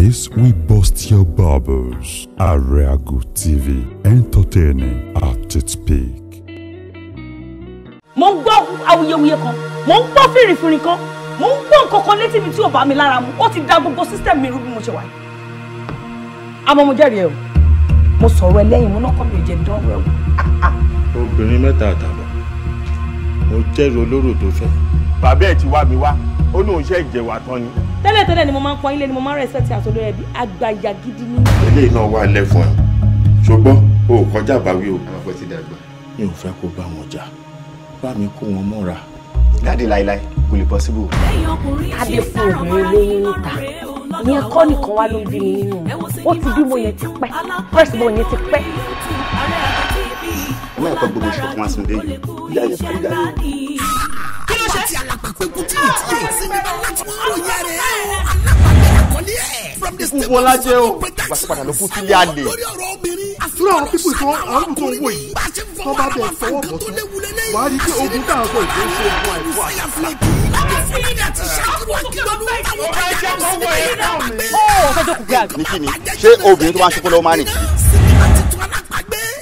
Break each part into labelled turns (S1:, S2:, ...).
S1: This we bust your bubbles. Areago TV, entertaining at its
S2: peak.
S3: Mo ń gbọ́ awuyewuye kan,
S4: mo ń gbọ́ fìrìfìrì kan, mo ń gbọ́ nǹkan kan létí mi tí ò bá mi lára mu, ó ti da gbogbo system mi rú bí
S5: mo ṣe wà yìí. Àmọ́ mo jẹ́rìí ẹ o, mo sọ̀rọ̀ ẹlẹ́yìn mo náà kọ́ mi ò jẹ́ dánwẹ́
S2: o. Obìnrin mẹ́ta àtàbọ̀, mo jẹ́rìí olóró tó fẹ́. Bàbá ẹ̀ ti wá mi wá, ó lóun ṣe ìjẹ̀wà tán ni
S4: tẹ́lẹ̀ tẹ́lẹ̀ ni mo máa ń pọ́n ilé ni mo máa ń respect àtọ́lọ́ ẹbí àgbàyà gidi ni.
S2: eléyìí náà wà lẹ́fun ẹ̀ ṣùgbọ́n o ò kọjá àbáwí o. àwọn afọ ti dàgbà. mi ò fẹ́ kó bá wọn jà bá mi kó wọn mọ́ra. dáàdi láíláí kò lè possible.
S3: tádé fún obìnrin lóyún níta ní ẹkọ nìkan wá ló bí mi nínú ó ti bímọ yẹn ti pẹ́ first born yẹn ti pẹ́.
S2: ẹ má yẹ kó gbogbo ìṣọ̀kan wá sí ilé yìí àti alapapẹ̀kù tí yìí ti yẹ sinimá
S6: láti mú ìyá rẹ̀
S2: alápàdé àkọlé ẹ̀. from the state of the world gbàsípadà ló kú sílé àlè. lórí àwọn pípò ìfọwọ́ àwọn tó ń wò yìí tó bá bẹ̀ fọwọ́ bọ̀ tán wàá rí pé ogun tá à sọ ìgbé ṣe ogun àìkú ó
S6: sọ́jọ́
S3: kù gbé àgbẹ̀. ní kí ni ṣé obìnrin tó bá ń ṣokó lọ́wọ́ máa nì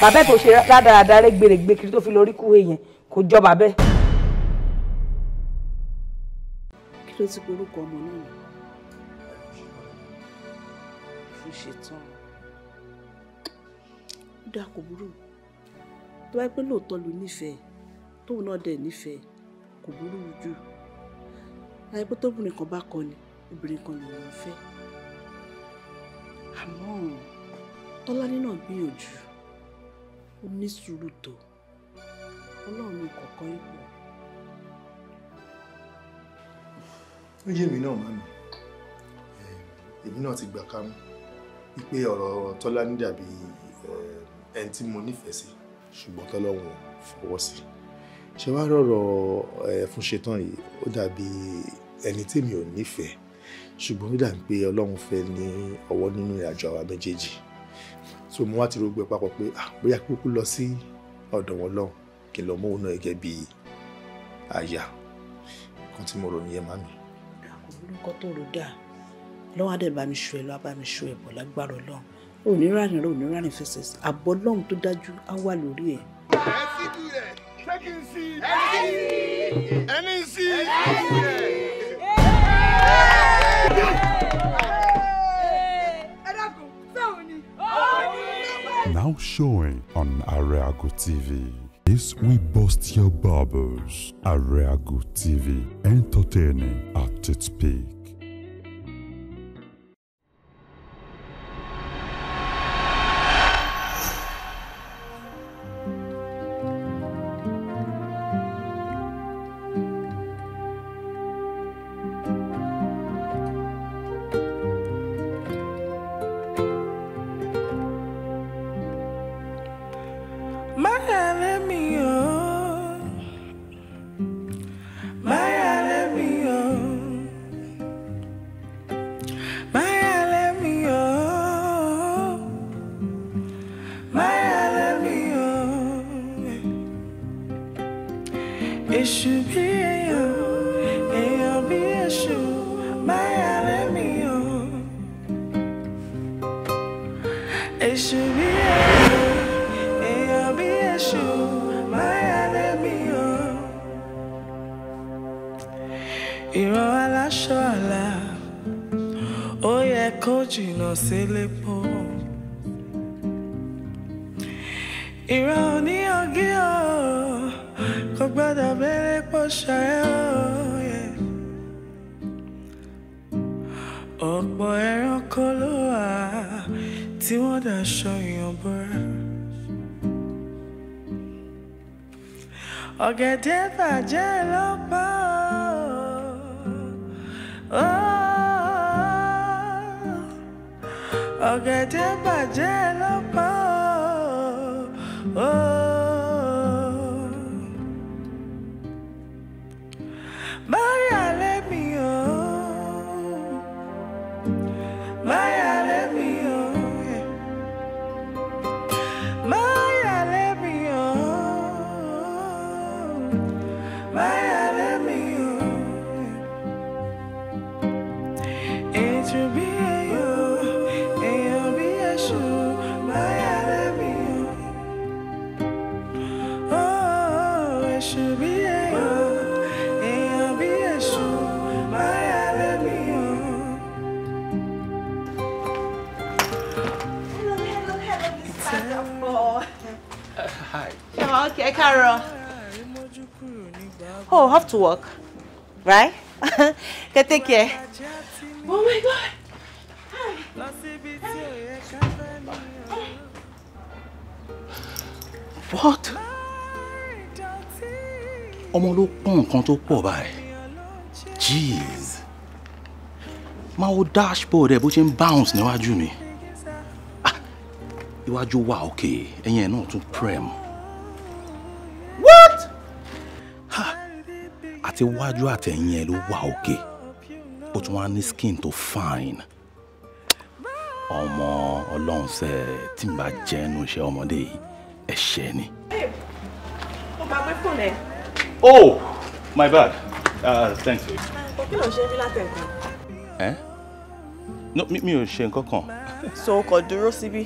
S3: bàbá ẹ̀ tó ṣe
S4: rádaràda rẹ̀ gbèrègbè kiri tó fi lórí kú èèyàn kò jọ bàbá ẹ̀.
S5: kí ló ti gborúkọ ọmọ náà fún ṣetán ó dáa kò burú tó bá pé lóòótọ́ ló nífẹ̀ẹ́ tóun náà dẹ̀ nífẹ̀ẹ́ kò burú jù láyé pé tóbìnrin kan bá kọ ni obìnrin kan lòun fẹ́ àmọ́ Tọ́lání náà gbìyànjú ó ní sùúrù tó ọlọ́run ní kọ̀ọ̀kan ipò.
S2: ó yé mi náà mami èmi náà ti gbà kámú wípé ọ̀rọ̀ tọ́lá ní dàbí ẹni tí mo nífẹ̀ẹ́ sí ṣùgbọ́n tọ́lọ́run fọwọ́ sí ṣe wá rọ̀rọ̀ fún ṣetán yìí ó dàbí ẹni tí mi ò nífẹ̀ẹ́ ṣùgbọ́n ó dàbí pé ọlọ́run fẹ́ ní ọwọ́ nínú ìrìnàjò àwa méjèèjì so mo wá ti rògbò ẹ papọ̀ pé ah bóyá kúkú lọ sí ọ̀dọ̀ wọn lọ kí n lọ mú òun náà gẹ́gẹ́ bí aya kan tí mo rò nìyẹn má mi.
S5: olùkọ́ tó rò dáa lọ́wọ́ adé bá mi ṣu ẹ lọ́wọ́ bá mi ṣu ẹ bọ̀ lágbára ọlọ́run onírànì rẹ onírànì fẹsẹ̀ àbọ̀ ọlọ́run tó dájú á wà lórí
S6: ẹ. ẹ ti kú rẹ̀ ṣé kí n sí i. ẹni sí i. ẹni sí i.
S1: now showing on Areago TV. This will bust your bubbles. Areago TV, entertaining at its peak.
S4: to work, right? Can take care.
S6: Oh my God. Hi.
S1: What? Ọmọ ló pọ́n nǹkan tó pọ̀ báyìí. Jeez. Máa wo dashboard ẹ̀ bó ṣe ń bounce níwájú mi. Ah, iwájú wa òkè, ẹ̀yìn ẹ̀ náà tún prem. ti wájú àtẹ̀yìn ẹ ló wà òkè ó tún wá ní skin tó fine ọmọ ọlọ́run ṣe tí n bá jẹ́ inú iṣẹ́ ọmọdé yìí ẹ̀ṣẹ̀ ni.
S5: ó máa gbé fún ẹ.
S1: oh my bad uh, thanks babe.
S5: o kí ló ṣe bí látẹ̀kùn.
S1: ẹ no mi ò ṣe nǹkan kan.
S5: so o kò dúró síbí.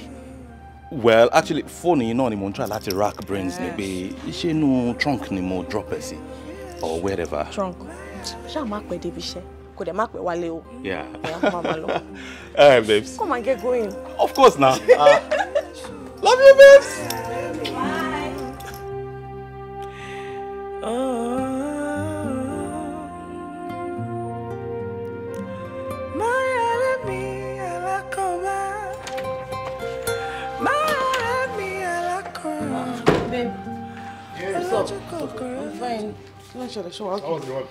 S1: well actually fóònù yìí náà ni mo ń try láti rack brains ni pé ṣé inú trunk ni mo drop ẹ sí. Si or wherever. Drunk.
S5: Shall mark pẹ́ débi iṣẹ́. Kò dẹ̀ má pẹ́ wálé
S1: Yeah. Ẹ̀yà All right, babes.
S5: Come and get going. Of course now. Uh, love you, babes.
S6: kí ló ṣẹlẹ̀ ṣe wà how was the work.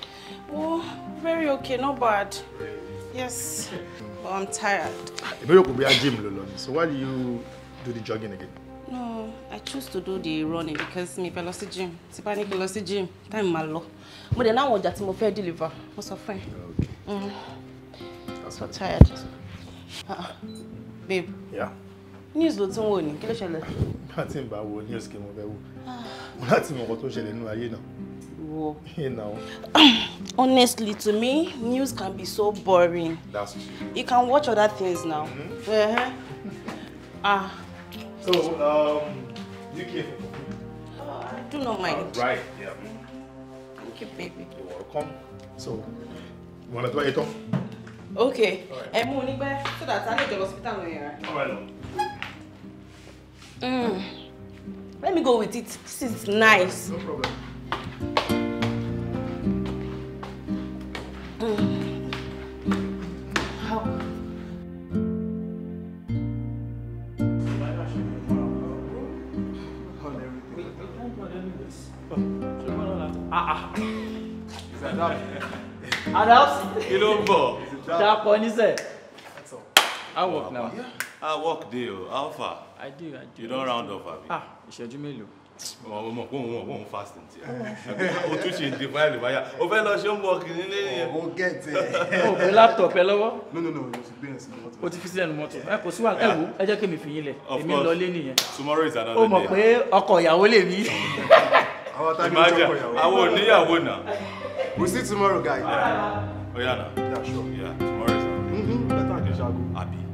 S6: oh
S4: very okay not bad yes but i'm tired.
S2: ìbéèrè kò bí i gym ló gym, Lolo, so why do you do the jogging again.
S4: no i choose to do the running because me fẹ́ lọ gym tí bá ní kí n gym time máa lọ mo dẹ̀ náwọn ọjà tí mo fẹ́ deliver mo sọ fún mm-hmm. That's so tired. Uh-uh. babe. Yeah news ló tún wò ní kí ló ṣẹlẹ̀.
S2: nígbà tí wo news kí mo fẹ́ wò mo ah. láti mọ ọkọ tó ṣẹlẹ̀ nínú ayé náà ariwo. you know.
S4: honestly to me news can be so boring. that's true. you can watch other things now. Mm -hmm. uh -huh.
S2: ah. so um, you give. Uh, I do not mind. All uh, right yeah.
S4: thank you baby.
S2: you're welcome. so you wanna do it off?
S4: okay ẹ mú un so that i lè jọ hospital sí peter lóye rẹ. all right. Mm. Let me go with it. This is nice. No problem.
S1: Adams. kí ló ń bọ̀. dapò I work now. I work dey how far. I do I do. you don't round off abi. ah ìṣẹ́jú mélòó ọmọ ọmọ kó wọn wọn fast ntí o tún ṣe ǹdí fáìlì báyà o fẹ́ lọ ṣe ń bọ̀ kìíní
S2: lẹ́yìn. o get o gbé laptop ẹ lọ́wọ́. no no no you should be in sínú mọ́tò. o ti fi sínú mọ́tò ẹ kò síwájú ẹ wò ẹ jẹ́ kí mi fi yín lẹ̀ èmi lọ lé nìyẹn. tomorrow is another day. o mọ̀ pé ọkọ ìyàwó
S1: lè mí. àwọn tábìlì tó kọ ìyàwó. àwọn oníyàwó náà. We'll see you
S2: tomorrow, guys. Oh, yeah, no. Yeah, sure.
S1: Yeah, tomorrow is. Mm-hmm. Better, yeah. I go. Happy.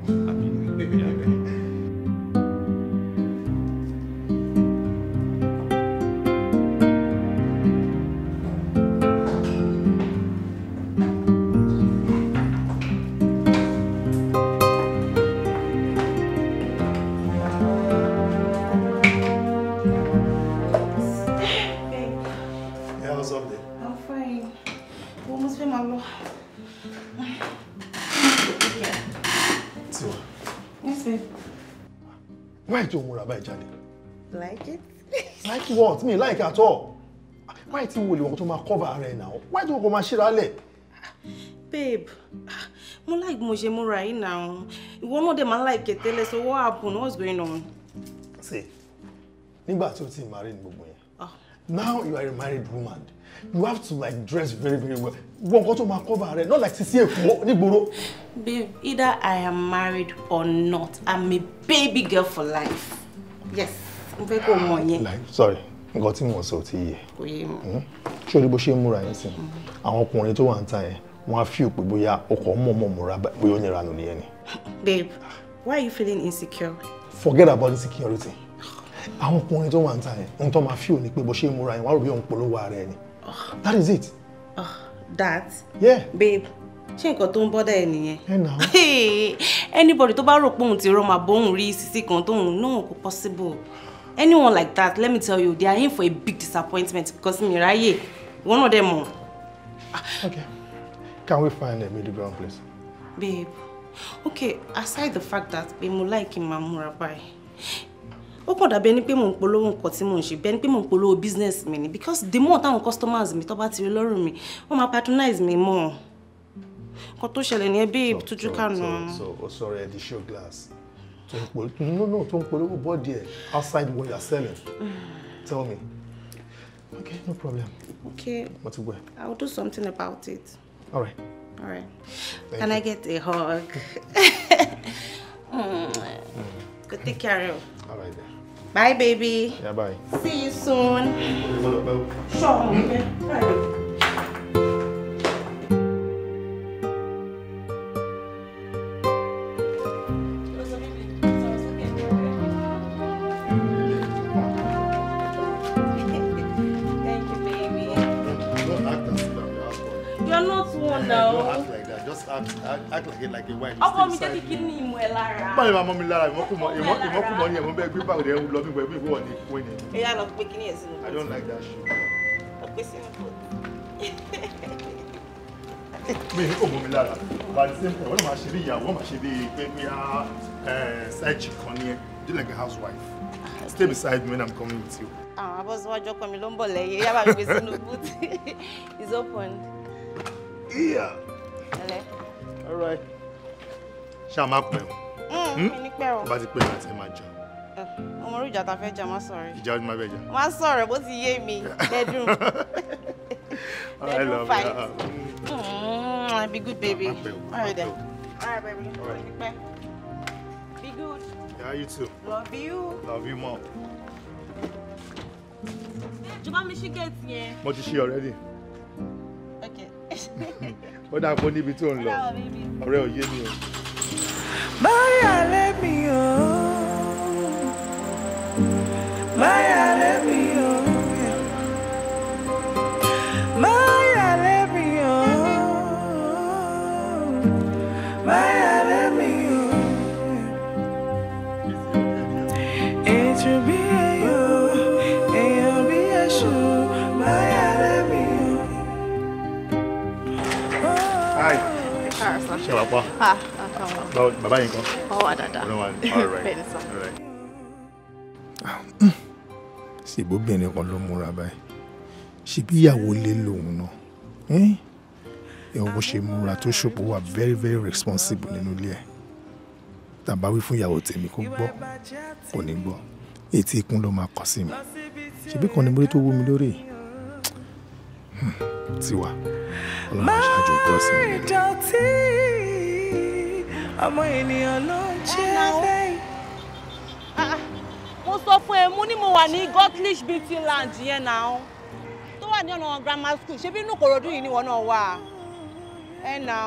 S2: máa eh, Why ti o múra báyìí jáde? Like it. Like what? Me like at all. Why do you want to cover ara now? náà? Why ti wọ́n kò máa ṣíra lẹ̀? Babe,
S4: mo like mo ṣe múra yìí náà. Ìwọ náà dẹ̀ like it Tell us what happened. What's going on? See,
S2: nígbà tí o ti marry ní ah. Now you are a married woman you have to like dress very very well wọ nǹkan tó máa cover rẹ not like sisi èkó nígboro.
S4: babe either i am married or not i'm a baby girl for life yes mo fẹ́ kó mọ̀ yẹn.
S2: like sorry nǹkan tí mo sọ ti yẹ. kò yé mi. Hmm? ṣé o rí bó ṣe ń múra yẹn sí àwọn ọkùnrin tó wà ń ta yẹn wọn á fi òpè bóyá ọkọ mọ̀ọ́mọ̀ múra bóyá ó nira nù nìyẹn ni.
S5: babe
S4: why are you feeling insecure.
S2: forget about insecurity àwọn ọkùnrin tó wà ń ta yẹn ohun tó máa fi òní pé bó ṣe ń múra yẹn wọ́n á rò bí òun polówó ara ẹni Oh. That is it.
S4: Oh, that? Yeah. Babe, ṣé nǹkan tó ń bọ́dà ẹ nìyẹn. anybody tó bá rò pé òun ti rọ màá bóun rí sisi kan tóun náà kò possible anyone like that let me tell you they are in for a big disappointment because mi ráyè one of them o. okay
S2: can we find a middle ground place.
S4: babe okay aside the fact that pé mo like him mamura báyìí ó kọ̀ dàbí ẹni pé mò ń polówó nǹkan tí mò ń ṣe bẹ́ẹ̀ ni pé mò ń polówó business mi ni because the more táwọn customers mi tó bá ti rí lọ́rùn mi wọ́n máa patronize mi more nǹkan tó ṣẹlẹ̀ ní ẹ tójú kànú.
S2: so o sọ̀rọ̀ ẹ di show glass tó ń polówó no no tó ń polówó bọ́ọ̀dì ẹ outside what you are selling tell me okay no problem. okay mo ti gbọ́
S4: i will do something about it. all right. all right Thank can you. i get a hug. mm. Mm. Go take care of. All right then. Bye, baby. Yeah, bye. See you soon. Bye.
S2: act like a like a wife. ọkọ mi jẹ́ kí kidney
S4: ìmọ̀ ẹ lára. báyìí máa
S2: mọ́ mi lára ìmọ̀kùmọ̀ ìmọ̀kùmọ̀ ni ẹ̀mọ́ bẹ́ẹ̀ gbé báwo ni ẹ̀ ń lọ bí wọ́n ní kú ni.
S4: ẹ̀yà lọ pé kíní ẹ̀ sínú. I don't like that
S2: shit. lọ pé sínú mi ò mọ̀ mi lára but the same time wọ́n máa ṣe bí ìyàwó máa ṣe bí pé bí a side chick kan ni ẹ do like a housewife stay beside me when I'm coming with you.
S4: àwọn abọ́síwájú ọkọ mi ló ń bọ̀ lẹ́yìn yábà gbé sínú búùtì is open.
S2: Yeah ṣáà má pẹ́ o.
S4: Hmm, hmm? mi ní pẹ́ o. bá ti pẹ́ láti ẹ máa jẹun eh, ọmọ orí ìjà ta fẹ́ jà má sọ̀rọ̀. ìjà ojú ma fẹ́ jà. má sọ̀rọ̀ bó ti yé mi bedroom bedroom fight. Mm, be
S2: good baby. all right then.
S4: all right baby. be good. yeah you too. love you. love you mom. jọba mi ṣí gẹ̀ẹ́tì yẹn.
S2: mo ti ṣí already. okay. ó dà pọ̀ níbi tó ń lọ ọ̀rẹ́ ò yé o. máyà
S6: lẹ́mi o máyà lẹ́mi
S2: wá. bàbá yìí kan. ọwọ́ àdàdà bẹ́ẹ̀ ni sọ. ṣèbóbìnrin kan ló múra báyìí ṣebí ìyàwó lé lòun náà ẹ bó ṣe múra tó ṣòpò wà very very responsible nínú ilé ẹ tàbá wí fún ìyàwó tèmi kó gbọ́ kò ní gbọ́ etí ikún ló máa kọ sí mi ṣebí kan ní múrí tó wú mi lórí hmm, tiwa ọlọ́run
S3: aṣáájú gbọ́ sí mi lẹ́nu
S6: ọmọ ènìyàn ló
S3: ń jẹ́ abẹ́ mo sọ fún ẹ mo ní mo wà ní Gotlish
S4: beauty land yẹn náà tó wà ní ọ̀nà grammar school ṣé bí inú Ìkòròdú yìí ni wọ́n náà wà ẹ náà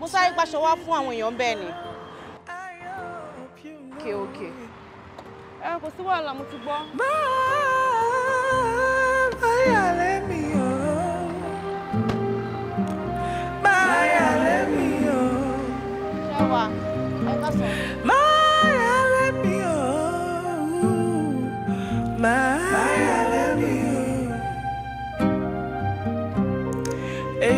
S4: mo sáré paṣọ wá fún àwọn èèyàn bẹ́ẹ̀ ni. òkè òkè ẹ kò sí wàhálà mo ti gbọ́. bá
S6: a bá yà lẹ́.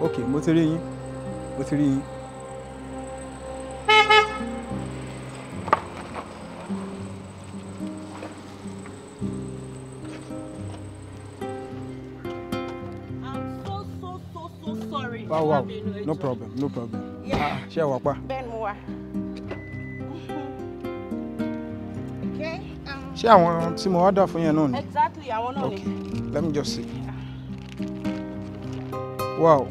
S2: ok mo ti rí yín mo ti rí yín.
S4: wow wow no problem
S6: no problem ah, ṣé ẹ wà pa.
S4: bẹ́ẹ̀ ni mo wà. Um.
S3: ṣé àwọn tí mo order fún yẹn náà ni.
S4: exactly àwọn náà ni. okay
S3: let me just see. wow.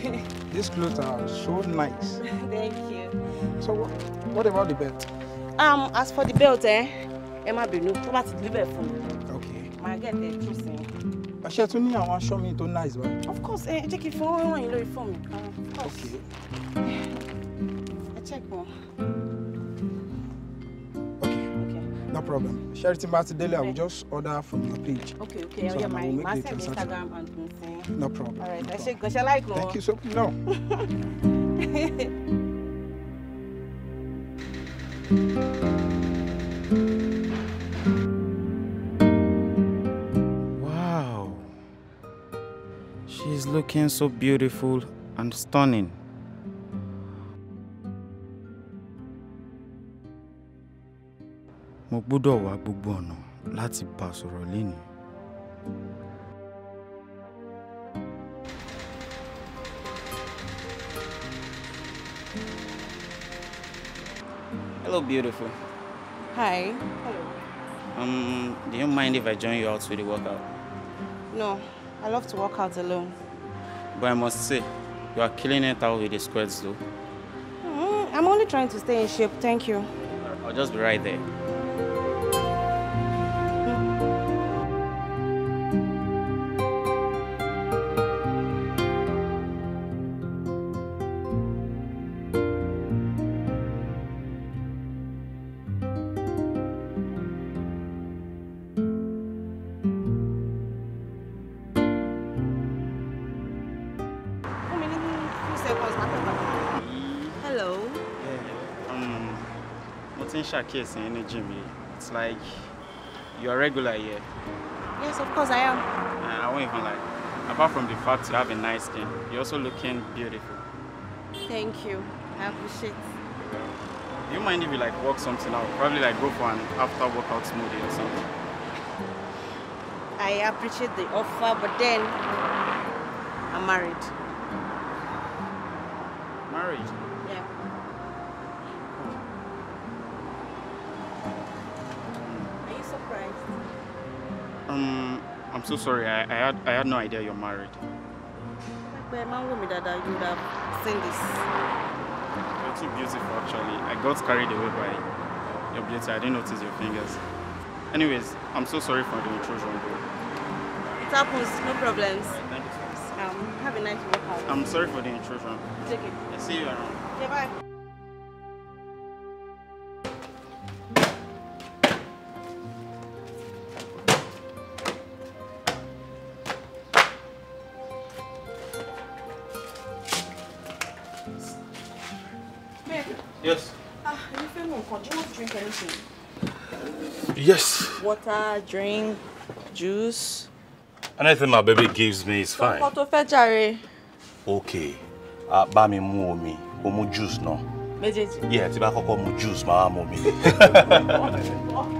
S3: These clothes are so nice. Thank you. So what,
S2: what about the belt?
S4: Um, as for the belt, eh, Emma, má bínú, tó bá ti deliver for me? Okay. Màá get the truth in.
S2: Àṣẹ I want to show me tó nice báyìí. Of
S4: course, ẹ eh, jẹ́ kí n fún wọn wọ̀nyí lórí fún mi. Okay. I check wọn.
S2: No problem. Share it Charity Martin Daily, I will just
S6: order from your page. Okay, okay. So get my, my Instagram and No problem.
S4: All right. No I say, gosh, I like no. Thank you so much. No.
S1: wow. She's looking so beautiful and stunning. mo gbọ́dọ̀ wá gbogbo ọ̀nà láti bá
S2: sọ̀rọ̀ lénìí.
S1: Hello, beautiful.
S4: Hi. Hello.
S1: Um, do you mind if I join you out for the workout?
S4: No, I love to work out alone.
S1: But I must say, you are killing it out with the squats though.
S4: Mm, I'm only trying to stay in shape, thank you.
S1: I'll just be right there. showcase in any gym. It's like you're a regular here.
S4: Yes, of course I am. Uh,
S1: I won't even lie. Apart from the fact you have a nice skin, you're also looking beautiful.
S4: Thank you. I appreciate
S1: do you mind if you like work something out? Probably like go for an after workout smoothie or something.
S4: I appreciate the offer, but then I'm married.
S1: I'm so sorry. I, I had I had no idea you're married.
S4: But man, woman, that you would have seen this. You're
S1: too beautiful, actually. I got carried away by your beauty. I didn't notice your fingers. Anyways, I'm so sorry for the intrusion. It
S4: happens. No problems. Right, um, have a nice walk
S1: out. I'm sorry for the intrusion. Take
S4: okay. I see you around. Yeah, bye.
S5: plenty. Yes. Water, drink,
S1: juice. Anything my baby gives me is fine. Kò
S5: tó Jerry.
S1: Okay. Uh, bá mi mu omi, o juice náà. Yeah, tí bá kọ́kọ́ mu juice, màá mu omi.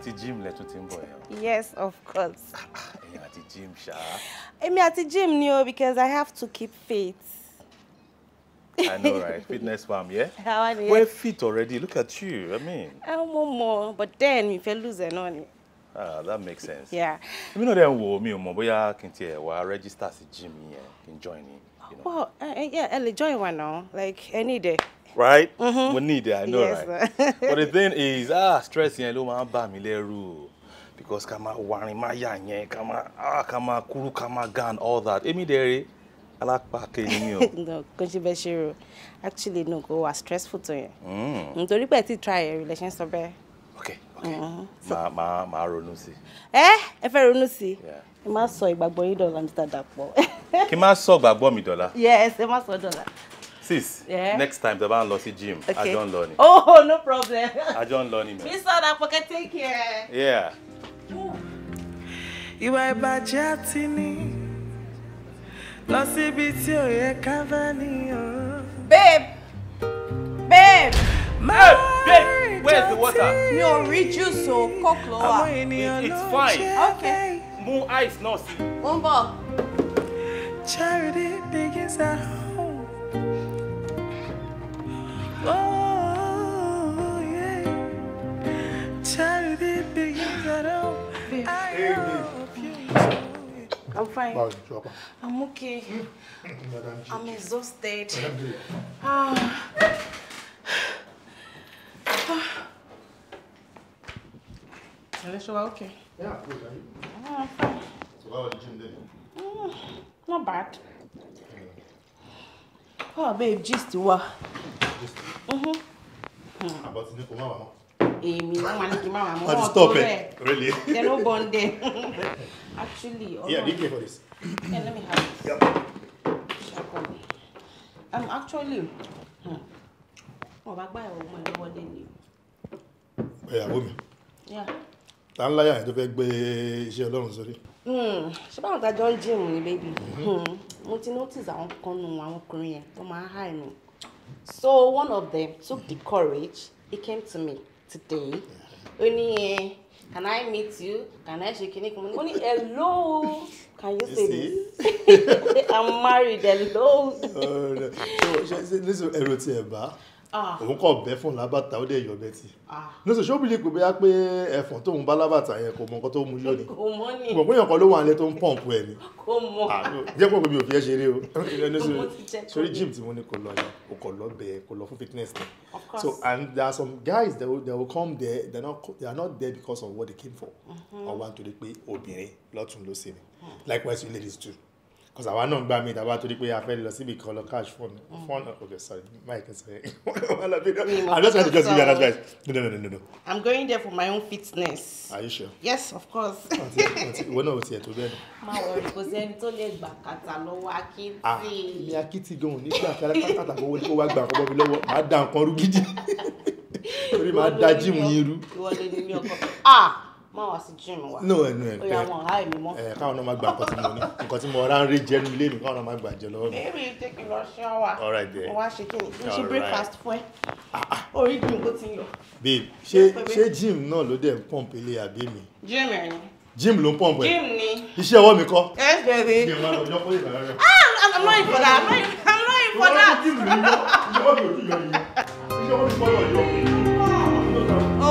S1: àti Jim lẹ́tún ti ń bọ̀ yẹn.
S4: yes of course. Ah,
S1: ẹ̀yin àti Jim ṣá.
S4: èmi àti Jim ni o because I have to keep fit.
S1: I know, right? Fitness farm, yeah? How are you? We're fit already. Look at you. I mean.
S4: I'm ah, more, but then if you lose an on
S1: Ah, that makes sense. Yeah. You know, then wo mi ò mọ̀ bóyá kí n tiẹ̀ wá register sí gym yẹn, kí n join yín,
S4: you know. Well, uh, yeah, ẹ lè join wa now. Like any day
S1: right? Mm -hmm. We need it, I know, yes, right? but the thing is, ah, stress yẹn ló máa ń bà mí lẹ́rù because ká máa warin máa yà yẹn ká máa ah ká máa kúrú ká máa gan all that èmi dẹ̀rẹ̀ alápàkẹ́ ni mi o.
S4: no kò ṣe bẹ́ẹ̀ ṣe rò actually no kò wà stressful tó yẹn
S1: mm. nítorí
S4: pé ẹ ti try ẹ relationship bẹ́ẹ̀. ok ok
S1: màá màá màá ronú sí.
S4: ẹ ẹ fẹ́ ronú sí ẹ má sọ ìgbàgbọ́ yín dọ̀la mr Dàpọ̀.
S1: kí n má sọ ìgbàgbọ́ mi dọ̀la.
S4: yes ẹ má sọ dọ̀la
S1: sis yeah. next time tẹ́ bá ń lọ sí gym okay. ajọ ń lọ ni. oh no problem. I ń lọ ni mẹ. mi
S4: sọ na pọkẹ take care.
S1: yeah.
S6: ìwà ìbàjẹ́ àti ní lọ síbi tí ò yẹ ká bá nìyàn. babe babe. Hey, babe,
S5: where's the water? Mi ò rí juice o, coke ló wà. it's
S6: fine. Okay. Mu ice náà sí. Mo ń bọ̀. Charity begins at home.
S2: I'm fine. Báwo ṣe ọkọ?
S6: I'm okay.
S2: I'm exhausted.
S4: Ah. Unless you okay.
S2: Yeah, good. Are you? Ah, I'm fine. So how was the gym then? Mm,
S4: not bad. Yeah. Oh, babe, just what? Gist? Mm-hmm. About the Nikomawa,
S2: huh? Èmi, wọ́n máa ní kí máa wà mọ́ ọ́ tó Really? They're no bond there. actually. Or yeah, DK for this. yeah, let me have this. Yep.
S4: I'm um, actually. Oh, back by a woman. ìlú wọlé ni.
S2: Ìyàwó mi. Ta ń láyà tó fẹ́ gbé Sorry.
S4: Hmm. sórí. Ṣé that John Jim, jìmù ni bébì? Mm-hmm. Hmm. Mo ti notice àwọn kan nu àwọn ọkùnrin yẹn tó máa So one of them took the courage, he came to me today. Only. Mm-hmm. ní eh, can I meet you can I shake your kan Only hello can you say
S2: this I'm married hello. ṣe ṣe ní sọ ẹ̀rọ tiẹ̀ Ah. òun kọ̀ bẹ́ fún lábàtà ó dẹ̀ yọ bẹ́tì ní ah. sọ ṣóbìlì pé bóyá pé ẹ̀fọn tóun bá lábàtà yẹn kò mọ nǹkan tó mú yọ ni kò mọ ìyànkan ló wà nílé tó ń pọ̀ǹpù ẹ̀ ni
S6: ah,
S2: jẹ́ pé mi ò fi ẹ́ ṣeré o sórí gym tí mo ní kò lọ yẹn o kò lọ bẹ̀ kò lọ fún fitness ni so and there are some guys that will, that will come there they are not they are not there because of what they came for mm-hmm. ọ̀wá nítorí pé obìnrin lọ́tún ló sì ni hmm. likewise you ladies too because àwa náà gbà mí ìdàbà torí pé a fẹ́ lọ síbi kan lọ cash phone phone okay sorry mic sorry I'm just trying to just give you an advice no no no no no. I'm going there for my own fitness. Are you sure? Yes of
S4: course. ìwọ
S2: náà ò tiẹ̀ tó bẹ́ẹ̀ ni.
S4: má wọ kò sẹ́ni tó lè gbà kàtà lọ́wọ́ akitì. ah
S2: mi akitì gan-an nígbà kátàkátà wọlé kó wá gbà kọ́kọ́ mi lọ́wọ́ màá da nǹkan rú gidi torí màá da jíìmù yín rú.
S4: ìwọ lè mi ọkọ ah má wá sí gym wa. no ẹnu ẹ pẹ ọyàwó ọ̀há èmi mọ́. ẹ
S2: káwọn náà máa gba nǹkan tí mo ní nǹkan tí mo ọ̀rá ń rí jẹnu ilé mi káwọn náà máa gbà jẹ lọ́wọ́ mi. bẹ́ẹ̀ni
S3: tẹ́kì lọ ṣe ọ wa mo wá ṣe kíni mo ṣe breakfast fún ẹ ah, ah. orí gym kó ti yọ.
S2: babe ṣé ṣé gym náà ló dẹ̀ ń pọ̀npù ilé àbí mi. gym ẹ̀ ni. gym ló ń pọ̀npù ẹ̀. gym ni. iṣẹ́ ọwọ́ mi kọ́. ẹ bẹ̀rẹ̀. gym máa lọ jọ́ fún ìgbà rẹ̀. ah i'm not in for that i'm not in for
S6: that. oh.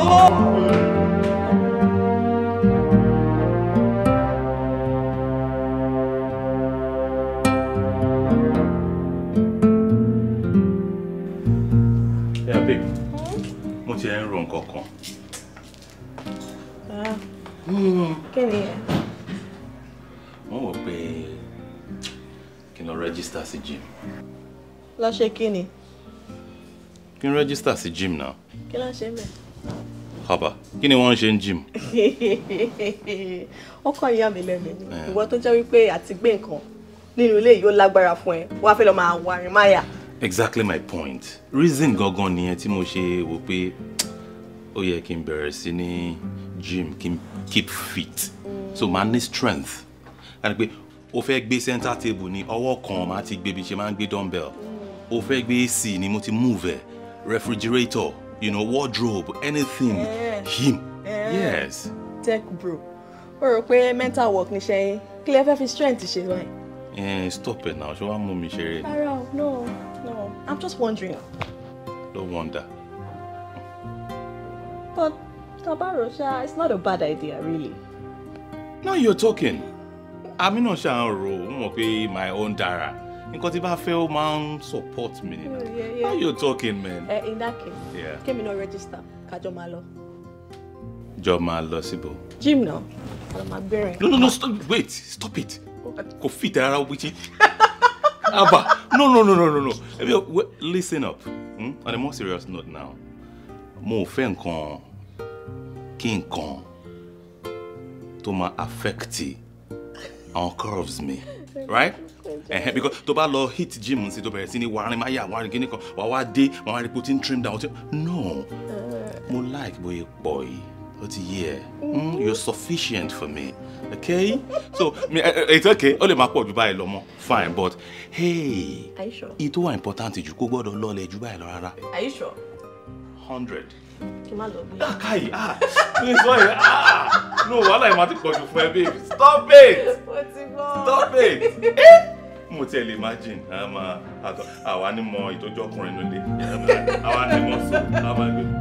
S1: ṣe ń ro nǹkan kan.
S6: Ah. Hmm.
S5: kí ni ẹ.
S1: wọ́n wọ̀ pé kí n lọ rẹ́gísítà sí gym.
S5: lọ ṣe kí ni.
S1: kí n rẹ́gísítà sí gym náà. kí ló ń ṣe mẹ́. haba kí ni wọ́n ń ṣe ń gym.
S5: ó kàn yà mí lẹ́nu eh. ìwọ tó jẹ́ wípé àti gbé nǹkan nínú ilé yìí ó lágbára fún ẹ wàá fẹ́ lọ́ọ́ máa wà rìn máyà.
S1: exactly my point reason gangan nìyẹn tí mo ṣe wò pé ó yẹ kí n bẹ̀rẹ̀ sí ní gym kí n keep fit so máa ní strength ká ní pé o fẹ́ gbé center table ní ọwọ́ kan máa ti gbé bí ṣe máa ń gbé dumbbell o fẹ́ gbé ac ni mo ti move ẹ̀ refrigerator you know wardrobe anything yeah. him yes.
S5: tech bro o rò pé mental work ní sẹ́yìn kí lè fẹ́ fi strength ṣe
S1: Eh, stop it now ṣé wàá mú mi ṣeré.
S5: rárá o no no i'm just wondering. no wonder. But Rocha, it's not a bad idea, really.
S1: Now you're talking. I'm in ṣà ń rò my own dára. Nǹkan tí I fẹ́ man máa ń support mi nínú.
S5: Oh, now you're
S1: talking, man.
S5: Uh, in that case, yeah. kémi náà register kájọ máa lọ.
S1: Jọ máa lọ síbò. Gym náà,
S5: ọ̀rọ̀ máa gbẹ̀rẹ̀.
S1: No, no, no, stop, wait, stop it. Kofi, fit rárá wíjí. Abba, no, no, no, no, no, no. Listen up. Hmm? On a more serious note now, mo fẹ́ nǹkan kí nǹkan tó máa affect àwọn curves mi right ẹhẹn because tó bá lọ hit gym sí tó bẹ̀rẹ̀ sí ní wàárín máa yà wàárín kíní kan wà wá dé wà wá rí pé trim down no uh. mo like bóyá pọ̀ yìí o ti yé ẹ mm, you're sufficient for me okay so eh, eh, it's okay ó lè máa pọ̀ ju báyìí lọ mọ́ fine but hey èyí tó wà important jù kó gbọ́dọ̀ lọ́ọ̀lẹ̀ ju báyìí lọ rárá. are you sure? hundred
S5: kí n má lọ ah
S1: ní ah, sọ ah no wàhálà yìí máa ti pọ̀jù fún ẹ stop it stop it mo tiẹ̀ lè imagine àwa ni mo ìtọ́jú ọkùnrin nílé àwa ni mo sùn àwa ni mo.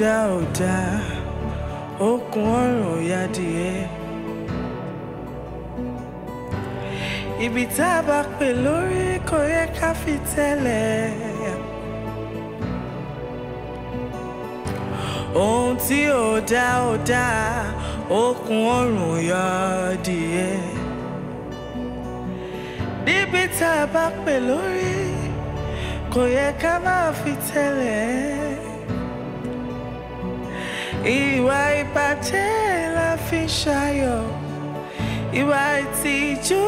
S6: dá ò dá okùn ọ̀rọ̀ ọ̀yà díẹ̀. ibi tá a bá pè lórí kò yẹ ká fi tẹ́lẹ̀. ohun tí ò dá ò dá okùn ọ̀rọ̀ ọ̀yà díẹ̀. níbi tá a bá pè lórí kò yẹ ká máa fi tẹ́lẹ̀ ìwà ìbàjẹ́ la fi ṣayọ̀ ìwà ìtìjú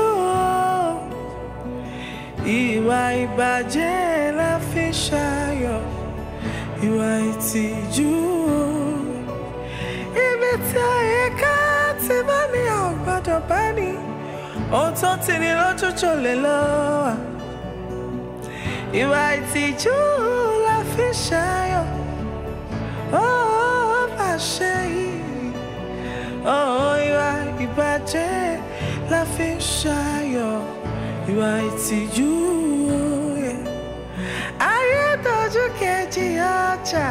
S6: ìwà ìbàjẹ́ la fi ṣayọ̀ ìwà ìtìjú ibi tí ayé ká ti bá ní àgbàdo bá ní ohun tó ti ní lójú jò lè lọ ìwà ìtìjú la fi ṣayọ̀. Oh, you are ìwà ìbàjẹ́ la fi ń ṣayọ̀ ìwà ìtìjú. Ayé dojú kejì ọjà,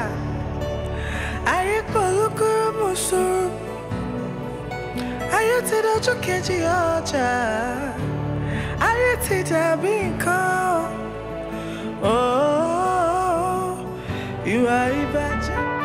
S6: ayé kòlókòrò mú sùúrù. Ayé ti dojú kejì ọjà, ayé ti dàbí nǹkan. Oh, you are the ìbàjẹ́.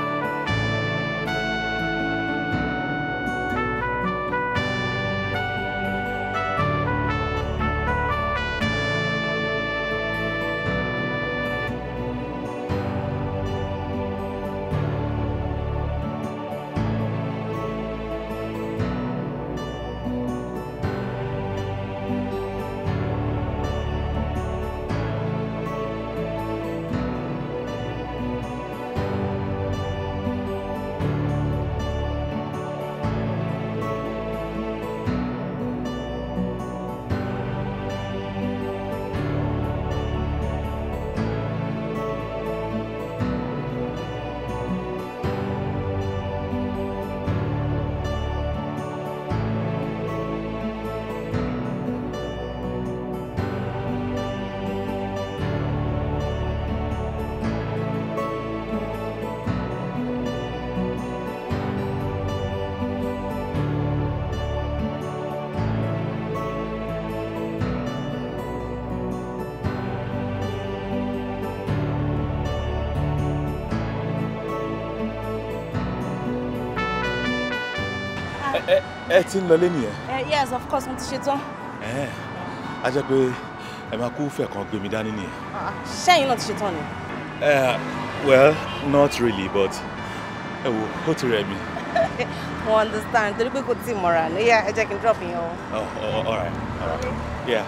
S1: ẹ ẹ ti ń lọlé nìyẹn.
S4: Eh, yes of course mo ti ṣe tán.
S1: Eh, a jẹ́ pé ẹ máa kú fẹ̀ kan gbé mi dání nìyẹn.
S4: sẹ́yìn ah, náà ti ṣe tán ni.
S1: Eh, well not really but ẹ wo ó ti rẹ̀ mí.
S4: mo understand torí pé kò tí ì mọ̀ra ní ẹ jẹ́ kí n drop yẹn o.
S1: Oh, oh, all right all right yeah.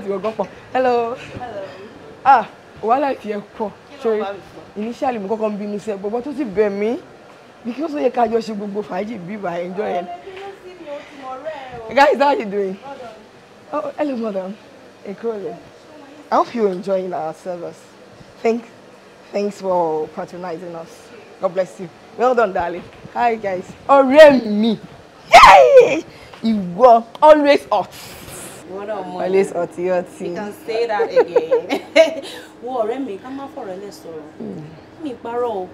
S6: ti
S5: gbọ̀ngàn pọ̀ hello. ah wàhálà ti ẹ̀ pọ̀ sórí initially mo kọ́kọ́ ń bínú sí ẹ bọ́bọ́ tó ti bẹ̀ mí bí kí ó sọ yẹ ká jọ ṣe gbogbo fàájì bíbà enjoy ẹ.
S6: guys how you doing?
S5: oh hello madam ekole I hope you enjoying our service thank thanks for patronizing us God bless you well done darling hi guys ọ̀rẹ́ mi yay ìwọ always hot. What up, ọtí ọtí. You can say
S4: that again. Wo ọ̀rẹ́ mi, ká má fọ̀rọ̀ ẹlẹ́ sọ̀rọ̀. Hmm. Mi parọ́ o,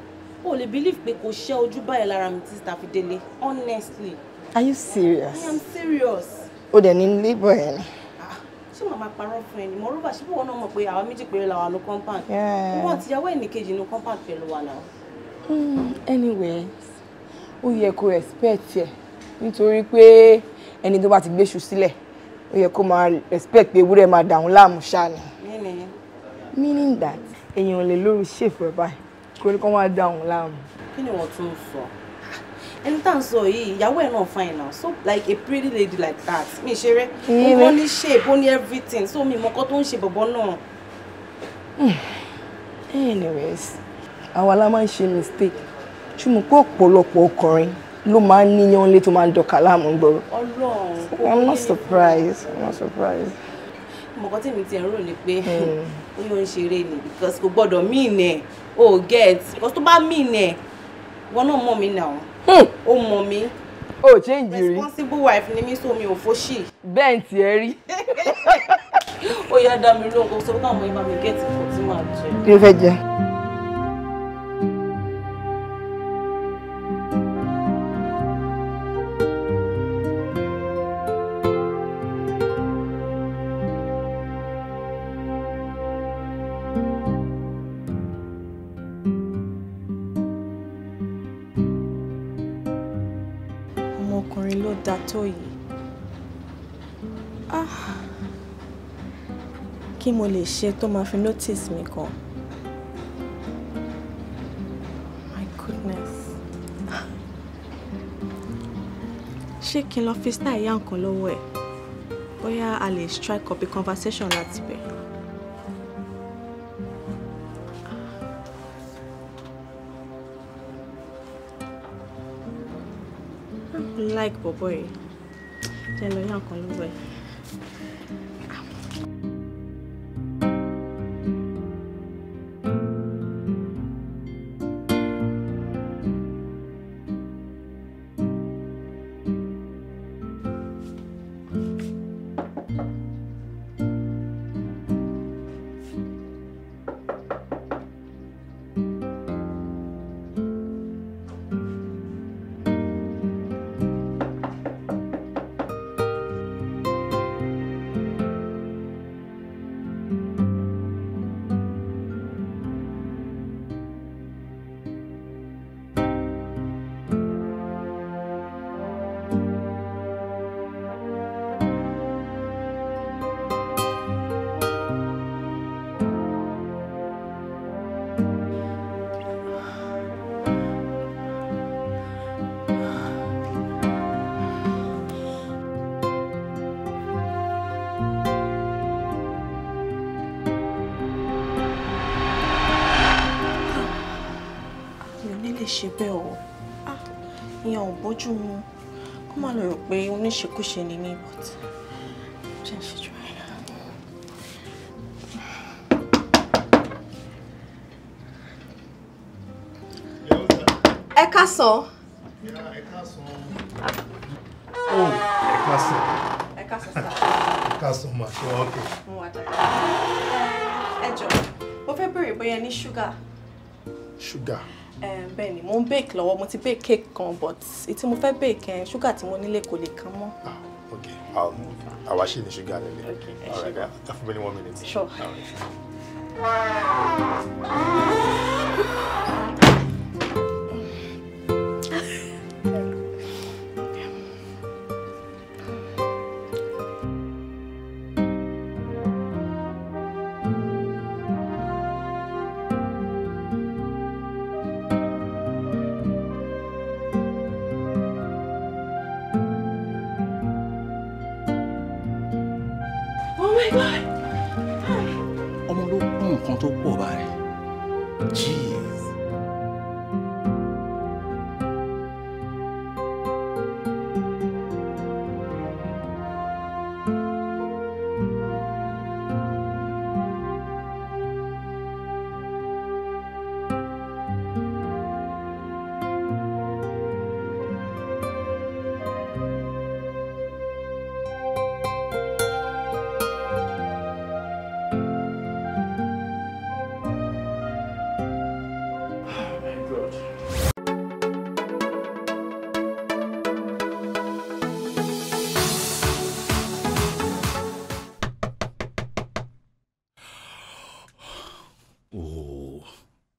S4: o lè believe pé kò ṣẹ́ ojú báyìí lára mi tí sísá fi délé. Honestly.
S5: Are you serious? I
S4: am serious.
S5: O dẹ̀ ní labour ẹ̀ ni.
S4: Ah, ṣé màmá parọ́ fún ẹ ni? Mo rúbà ṣé bọ́wọ́ náà mọ̀ pé àwa méjì péré la wà ló compound. Wọ́n ti yàwó ẹnìkejì ní compound pẹ̀lú wa náà.
S5: Hmm, anyway, ó yẹ kó respect ẹ nítorí pé ẹni tó bá ti gbéṣu sílẹ̀ ó yẹ kó máa respect pé ewúrẹ́ máa dàrún láàmú ṣáà ni. meaning that èèyàn lè lóru ṣèfẹ́ báyìí kó ní kó máa dàrún láàmú. kí ni wọ́n tún sọ
S4: ẹni tá à ń sọ yìí ìyàwó ẹ̀ náà fine now so like a pretty lady like that mi ṣeré ó ní shape ó ní everything so mi mọ̀kọ́ tó ń ṣe bọ̀bọ̀ náà.
S5: Hmm. anyways àwa la máa ń ṣe mistake ṣùgbọ́n pé ọ̀pọ̀lọpọ̀ ọkùnrin ló máa ń níyàn lé tó máa ń dọ̀kà láàmú gbòòrò.
S4: Ọlọ́run
S5: i'm not surprised i'm not surprised.
S4: mọ̀kọ́ tí mi ti ń rò ní pé ó hmm. ń ṣeré ni because kò gbọ́dọ̀ mean ẹ̀ o get because tó bá mean ẹ̀ wọn náà mọ̀ mí náà ó hmm. mọ̀ mí o change rí responsible wife ni mi so mi ò foshi bẹ́ẹ̀ tí ẹ rí ó yá dá mi lóhùn kó sọ fún àwọn ọmọ ìbá mi gẹ́ẹ̀tì fún tí màá jẹ. kí ló fẹ́
S6: jẹ.
S5: mo lè ṣe tó máa fi notice mi kan. My goodness. ṣé kí n lọ fi style yá nǹkan lọ́wọ́ ẹ̀ bóyá a lè strike up a conversation láti bẹ̀. like bọ̀bọ̀ yìí jẹ́ lọ yá nǹkan lọ́wọ́ ẹ̀. ṣe bẹ́ẹ̀ o ah, ìyẹn ò bójú mu kó má lọ rò pé oníṣekúṣe ni mí but jẹ́ ṣe jù rẹ̀. ẹ kásán.
S2: Oh, ẹ kásán. ẹ kásán. ẹ kásán ẹ kásán mà ṣe wá òkè.
S5: ẹ jọ mo fẹ́ béèrè bóyá ní ṣúgà. ṣúgà bẹ́ẹ̀ ni mo ń bake lọ́wọ́ mo ti bake cake kan but ètí mo fẹ́ bake ẹ̀ ṣúgà tí mo nílé kò lè kán mọ́. Ah,
S2: ok àwa ṣì ní ṣúgà nílé all right ẹ fún mi ní one minute. sure.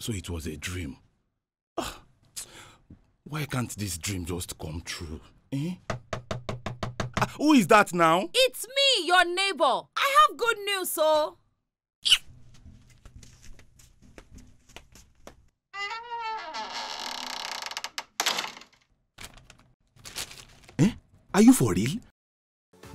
S1: so it was a dream. Ah, why can't this dream just come true? Eh? Ah, who is that now?
S4: It's me, your neighbor. I have good news,
S5: so.
S1: Eh? Are you for real?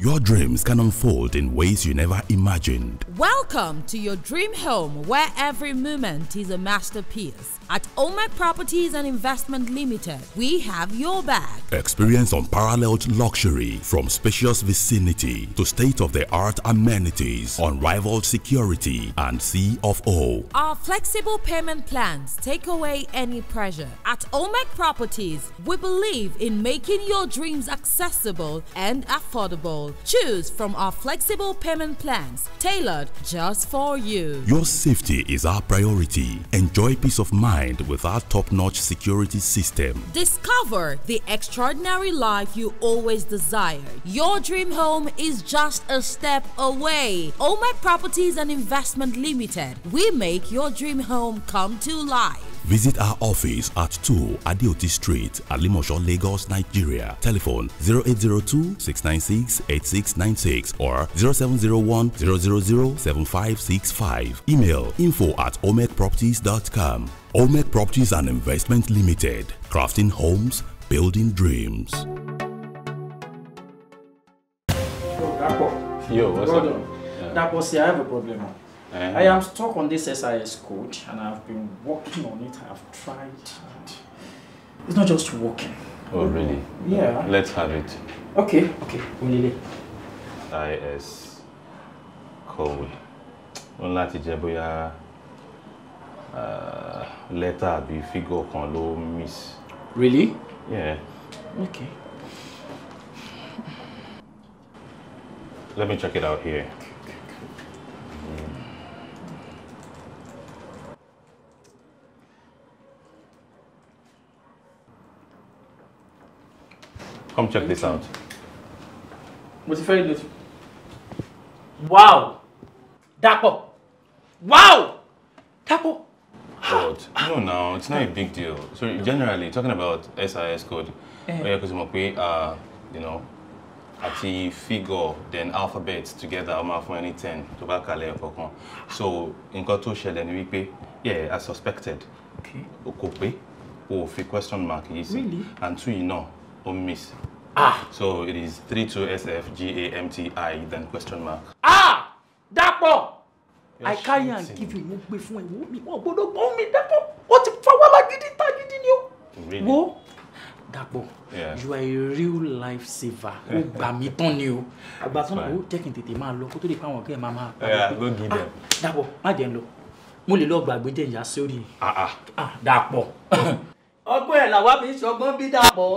S1: Your dreams can unfold in ways you never imagined.
S4: Welcome to your dream home where every moment is a masterpiece. At Omac Properties and Investment Limited, we have your back.
S1: Experience unparalleled luxury from spacious vicinity to state-of-the-art amenities, unrivaled security, and sea of O.
S4: Our flexible payment plans take away any pressure. At Omac Properties, we believe in making your dreams accessible and affordable. Choose from our flexible payment plans tailored just for you.
S1: Your safety is our priority. Enjoy peace of mind with our top-notch security system.
S4: Discover the extraordinary life you always desired. Your dream home is just a step away. All my Properties and Investment Limited. We make your dream home come to life.
S1: Visit our office at 2 Adeoti Street, Alimosho, Lagos, Nigeria. Telephone 0802-696-8696 or 0701-000-7565. Email info at omecproperties.com. Omec Properties and Investment Limited. Crafting homes, building dreams. Yo, what's up? Yeah.
S2: That was, yeah, I have a problem. Eh? I am stuck on this SIS code and I've been working on it. I've tried.
S1: It's not just working. Oh, really? Yeah. Let's have it.
S2: Okay, okay. Onile.
S1: IS code. On láti jẹ́ bóyá uh, lẹ́tà àbí fígọ̀ miss. Really? Yeah. Okay. Let me check it out here. Come check this out. Mo ti fẹ́ ilé tu. Wow! Dapo. Wow! Dapo. But no, no, it's not a big deal. So generally, talking about SIS code, eh. ó yẹ kó ti pé, ah, you know, àti figure then alphabet together ó máa fún ẹni ten tó bá kalẹ̀ ẹ̀kọ́ So nǹkan tó ṣẹlẹ̀ ni wípé, yeah, as suspected. Kò pé, o fi question mark yìí sí. And two yìí náà, o miss. Ah. So it is 32SFGAMTI, then question mark. Ah!
S3: dapo, I can't even give you wọ́n gbé fún ẹ wọ́n mi don't move me, dapo. What ó ti fa wàhálà gidi ta gidi ni o. Really? Wo Dàpọ̀ you are a real life saver ó gbà mí tán ni o. Àgbà tán ó jẹ́ kí n tètè máa lọ kó tó lè fáwọn ọ̀gá ẹ̀ máa máa padà pé
S2: ah Dàpọ̀ má jẹ́ ń lọ mo lè lọ gbàgbé jẹ́ ìyá sórí. Ah, ah. ah, Dàpọ̀.
S3: ọgbọ́n ẹ̀ làwa fi ṣọgbọ́n bí dàbọ̀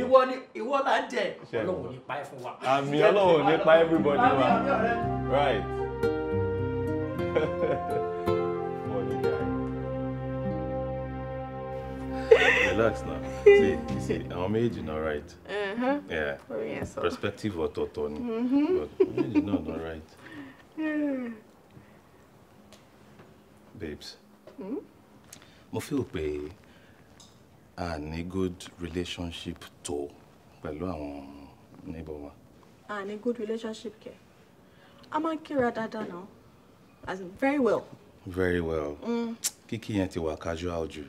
S3: ìwọ ni ìwọ là ń jẹ ọlọ́run
S1: ní pa ẹ́ fún wa. àmì ọlọ́run ní pa everybody wa right. relax now see you see àwọn méjì náà right uh-huh. yeah. perspective ọ̀tọ̀ọ̀tọ̀ ni mm-hmm. but méjì náà náà right babes hmm? mo feel pé a ní good relationship tó pẹ̀lú àwọn neighbor wa.
S5: a ní good relationship kẹ a máa ń kíra dáadáa náà as in very well.
S1: very well mm. kíkí yẹn ti wà casual jù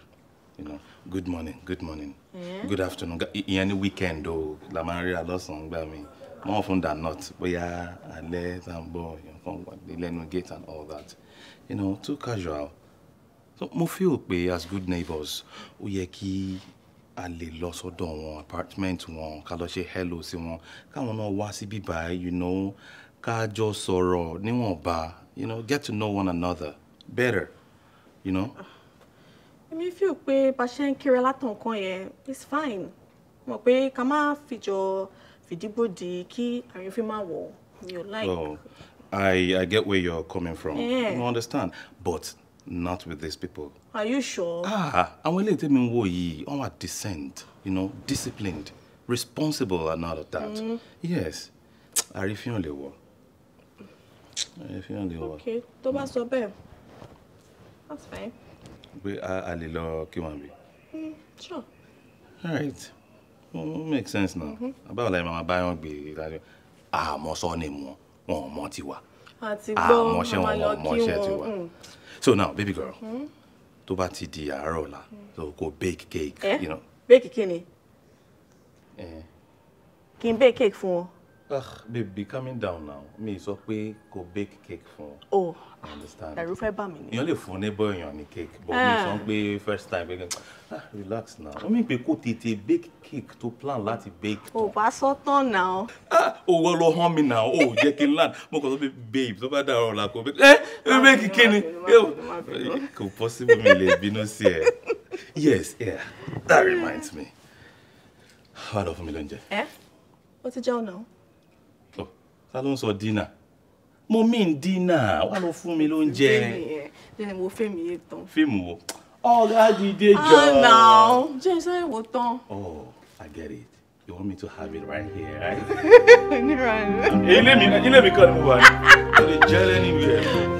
S1: you know good morning good morning yeah. good afternoon ìyẹn ní weekend o la máa ń ríra lọ́sàn-án gbà mí more often than not bóyá alẹ́ tá à ń bọ̀ nǹkan wà lẹ́nu gate and all that you know too casual so mo feel pé as good neighbors ó yẹ kí a lè lọ sọ́dọ̀ wọn apartment wọn ká lọ ṣe hello sí wọn káwọn náà wá síbí báyìí you know ká jọ sọ̀rọ̀ níwọ̀nba you know get to know one another better you know.
S5: èmi feel pé bá ṣe ń kiri látọ̀kan yẹn it's fine mọ̀ pé ká má fìjọ fìdíbòdì kí àrífín má wọ̀ mi ò like. Oh,
S1: I I get where you're coming from. Yeah. You understand? But Not with these people.
S5: Are you sure? Ah,
S1: and eléyìí tẹ́mi ń wò yìí, wọ́n wà decent, you know, disciplined, responsible and all of that. Mm. Yes, I refuse wọ̀. Àrífín lè wọ̀.
S5: Okay, tó bá sọ bẹ́ẹ̀, that's fine.
S1: We are a little lọ
S6: mm, Sure.
S1: All right, well, makes sense now. About like ẹ̀ máa bá yàn gbé ìdájọ́, e àmọ́ sọ́ọ́ ni mu wọn,
S6: àmọ́ṣẹ́ ah, wọn wọn mọ́ṣẹ́ ti wà hmm.
S1: so now baby girl hmm. tó bá ti di àárọ̀ ọ̀la hmm. so kò bake cake. Eh? You know.
S5: bake kí ni eh. kí n bake cake fún wọn
S1: ah baby coming down now mi sọ pé go bake cake for ọ.
S5: oh understand ẹ̀rù fẹ́ bà mí You only lè fún
S1: neighbor èèyàn ní cake but mi sọ ah. pé first time pé ah relax now ó mi pé kó tètè bake cake to plan láti bake
S5: Oh, ò bá now? tán náà.
S1: ah òwò ló hàn mí náà ò jẹ́ kí land mo kàn sọ pé babe tó bá dàrọ̀ ọ̀la kò bake ẹ eh, ẹ bake kí ni eh, kò possible mi be bínú sí yes yeah that reminds me wàá lọ fún mi lóúnjẹ. ẹ eh? o ti jẹun ta ló ń sọ dínà mo mean dínà wà ló fún mi lóúnjẹ.
S5: jẹ́ mo fẹ́ mi yé tán.
S1: fíìmù wo ọ̀gá dìde jọ. ọ̀nà
S5: jẹ́ sáré wo tán.
S1: oh i get it you want me to have it right here right.
S6: nira
S1: rẹ. ilé mi ilé mi kọ́ ni mo wà ní. o lè jẹ́ lẹ́nu ìwé ah, ẹ̀.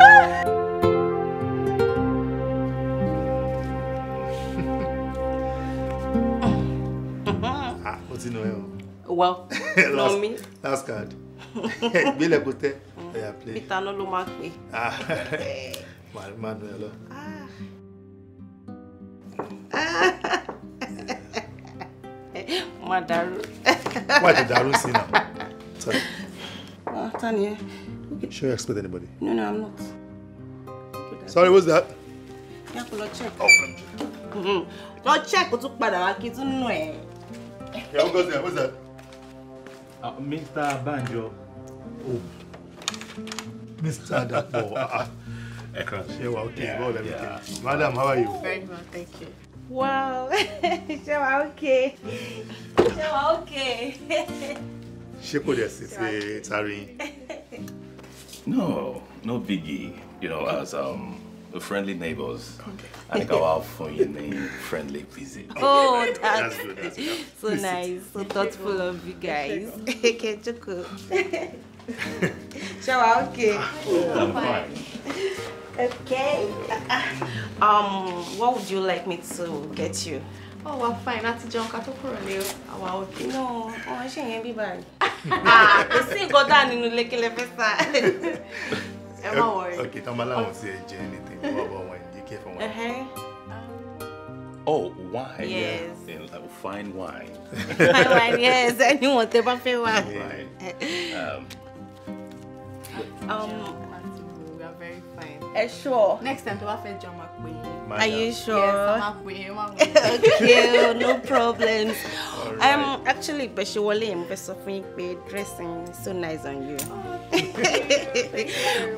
S4: Well, last, no me.
S2: Last card. gbélé kò tẹ ẹyà play. peter náà ló máa pè. Ah, manu ẹ lọ. Ah.
S4: má dàrú. wà á ti dàrú
S2: sí i náà. sorry.
S4: ah tani ẹ.
S2: should you expect anybody. no no i'm not. sorry what's that.
S4: yàtọ̀ lọ check. Oh, mm-hmm. lọ check kó tún padà wá kí tún nù ẹ.
S2: yeah what's that. what's that. Uh, mr banjo. Mr. Dapo. Ekran. Ṣé okay? Yeah, Bọ́ọ̀lù everything. Yeah. Madam, how are you?
S5: Very well, thank you.
S4: Wow. Ṣé okay? Ṣé okay?
S2: Ṣé kò dẹ̀ sí pé
S1: No, no biggie. You know, as um, friendly neighbors. Okay. I go out for your fun friendly visit. Oh, that's, that's, good, that's good. so nice,
S4: so thoughtful of you guys. Okay, Choco. ṣé wàá okay. I'm fine. Okay. Um, what would you like me to get you?
S5: Oh, we're fine. Àti jẹun ká tó kúrò ní àwa òkè. No, Oh, I shouldn't be báyìí.
S4: Ah, you see, dá nínú ilé kí lè fẹ́ sá. Ẹ má I
S2: Ok, tán bá láwọn sí ẹ jẹ anything wọ́n bọ̀ You care for ẹ fọ wọn. Uh-huh. Oh,
S1: wine. Yes. Yeah. Uh, fine wine. fine wine, yes.
S4: Anyone, they want fine wine. wine.
S1: Um, Um,
S5: we are very fine. Are sure? Next time, do I feel
S1: queen? Are you sure?
S5: Yes,
S4: okay, no problems. All right. Um, actually, Beshiwale and Besofin be dressing so nice on you. Oh,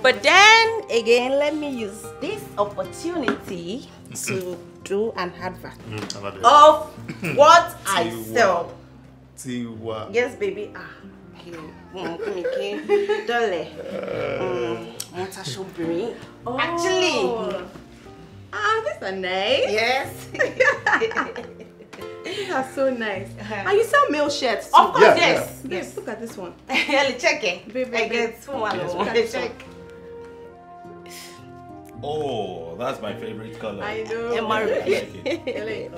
S4: but then again, let me use this opportunity mm-hmm. to do an advert
S2: mm, of what I sell. Tiwa.
S4: Yes, baby. Ah, okay. mi kì í dọ̀lẹ̀ mo mm, taṣọ obìnrin
S5: oh. actually ah oh, these are nice yes these are so nice uh-huh. Are you selling male shirts of course yeah, yes yeah. yes look at this one ẹlẹ check it. Baby, i
S6: get one
S4: o check.
S1: Oh, that's my favorite color. I know. I like it.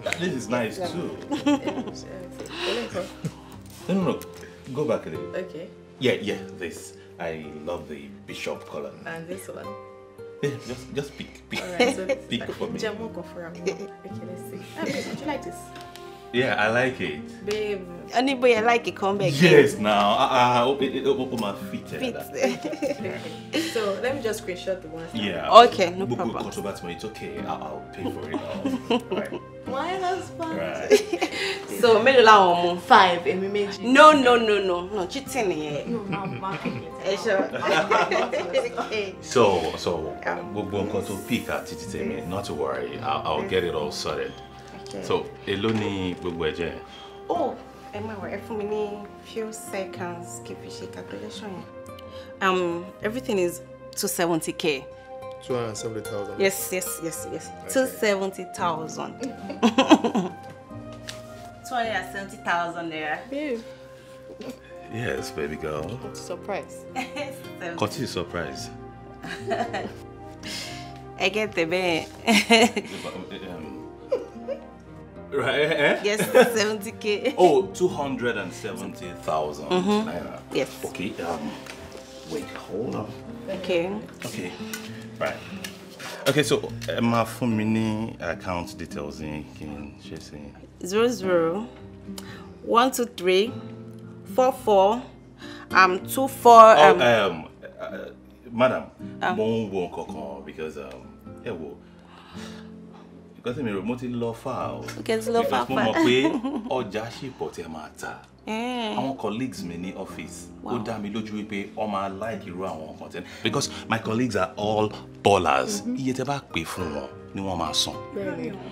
S1: this is nice too. no, no, no. Go back a little. Okay. Yeah, yeah, this. I love the bishop color. And this one? Yeah, just, just pick, pick. All right, so pick for me. Jamu
S5: Kofura. Okay,
S1: let's see.
S4: Okay, ah, would you like this?
S1: Yeah, I like it.
S4: Babe, anybody I like it, come back. Yes,
S1: babe. now. I, I open, it, open my feet. feet.
S5: so let me just screenshot the one. Yeah.
S1: Okay, no we'll, problem. We'll cut over tomorrow. It's okay. I'll, I'll pay for it.
S5: right. My husband. Right.
S4: so mélòó làwọn ọmọ. five èmi méjì. no no no no no cheating here.
S5: nìyẹn. ẹ ṣọ.
S1: so so gbogbo nǹkan to pick at títí not to worry I, I'll get it all sorted. so èló ni gbogbo ẹ jẹ.
S4: oh ẹ má wọ ẹ fún mi ní few seconds kí n calculation um, everything is two seventy k.
S2: two hundred and seventy thousand. yes yes yes yes okay. two
S4: seventy thousand. two hundred and seventy thousand there.
S1: yes baby girl.
S4: surprise. continue surprise.
S1: I get the bed. um, um, um Right? Eh? eh? Yes, 70k. Oh, 270,000 mm -hmm. naira. Yes. Okay, um, wait, hold on. Okay. Okay, right. Okay, so ẹ máa fún mi account details yín kí n ṣe sí.
S4: zero zero one two three four four um two four. Oh, um, oh, um,
S1: uh, madam ah. mo ń wo nǹkan because um, ẹ um, wo. Hey, nǹkan tí mi rò mo ti lọ fà o because mo mọ̀ pé ọjà ṣìpọ̀ tí a máa ta
S6: eh. àwọn
S1: colleagues mi ní office ó dá mi lójú wípé wọ́n máa like irú àwọn ọkàn tẹ́lẹ̀ because my colleagues are all ballers mm-hmm. iye tẹ́ bá pè fún wọn ni wọ́n máa san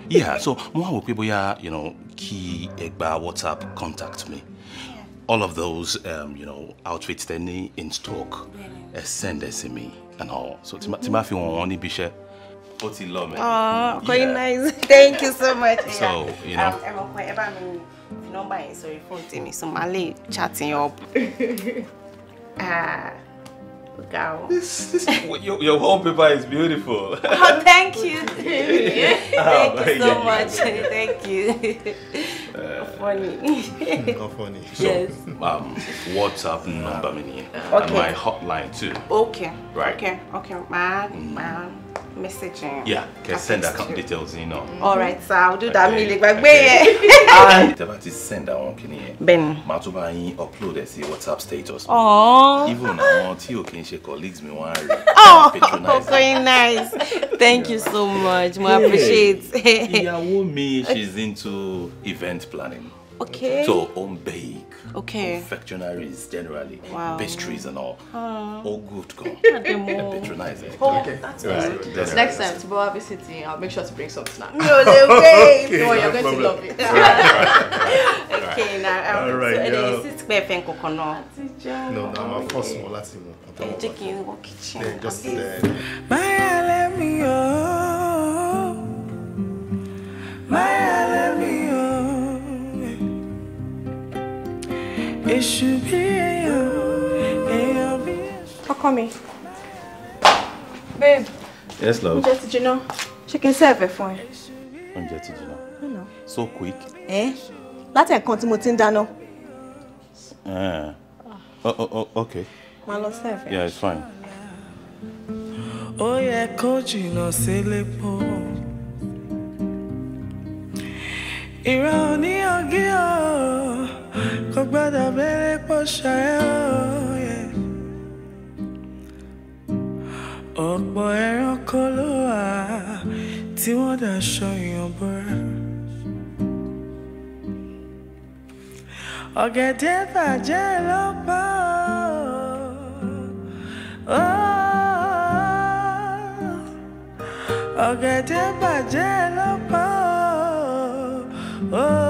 S1: yeah so mo wá wò pé bóyá you know kí ẹ gba WhatsApp contact me all of those um, you know outfits tẹ́ ní in stock ẹ send ẹ sí mi and all so tí ma mm-hmm. fi wọn wọn níbi iṣẹ́. Oh, ti nice thank you so
S4: much. so you know. I'm pé ẹ bá mi fi nọ́mbà yẹn sórí fóònù tèmi so màá chatting chat yẹn up. Ga ah, This, this,
S1: your, your wallpaper is beautiful. Oh,
S4: thank you. thank
S1: you so oh, much. Thank you. Uh, funny. funny. So, yes. um, WhatsApp number, uh, me, okay. and my hotline too.
S4: Okay. Right. Okay. Okay. Ma, mm. message Yeah, can I send account you.
S1: details you know. Mm -hmm. All
S4: right, sir. I'll do that. Millie, lè gbàgbé yẹn.
S1: And tẹ́ bá ti send àwọn kíní yẹn. Ben. Màá tún bá yín upload WhatsApp status. Oh. Even àwọn tí ò kìí colleagues mi wọ́n á
S4: Oh, very nice. Thank you so much. Mo yeah. appreciate.
S1: Ìyàwó mi she's into event planning.
S6: Okay. So,
S1: on ń okay. confectionaries generally, wow. pastries and all. Uh, all good go.
S5: Patronize Oh, okay. that's right. good. Right. Next time, to Boa City, I'll make sure to bring some snacks. No, they okay.
S4: okay. No, you're going problem. to love it. okay, now. Um, all right. So, yeah. It's clear pen coconut. No, no, I'm a first one. Let's see.
S2: Chicken, what
S4: kitchen? Yeah, just
S2: there.
S6: let me go. let me Ọkọ me,
S5: Babe. Yes, love. Oúnjẹ ti jiná. Ṣé kí n sẹ́ẹ̀fẹ̀ fún ẹ?
S1: Oúnjẹ ti jiná. So quick.
S5: Ẹ eh? láti ẹ̀kan tí mo ti ń dáná.
S1: Eh. Oh, oh, oh, ok. Máa lọ sẹ́ẹ̀fẹ̀. Yeah, it's fine.
S6: Ó yẹ kó jìnnà sílé pọ̀. Ìran oníyànjú yóò. kò gbọ́dọ̀ béèrè pò ṣọ̀rẹ́ òye. ọ̀pọ̀ ẹranko ló wà tí wọ́n daṣọ ìyànbọ̀ra. ọ̀gẹ̀dẹ̀ bàjẹ́ ló pa ọ́. Oh. ọ̀gẹ̀dẹ̀ bàjẹ́ ló pa ọ́. Oh.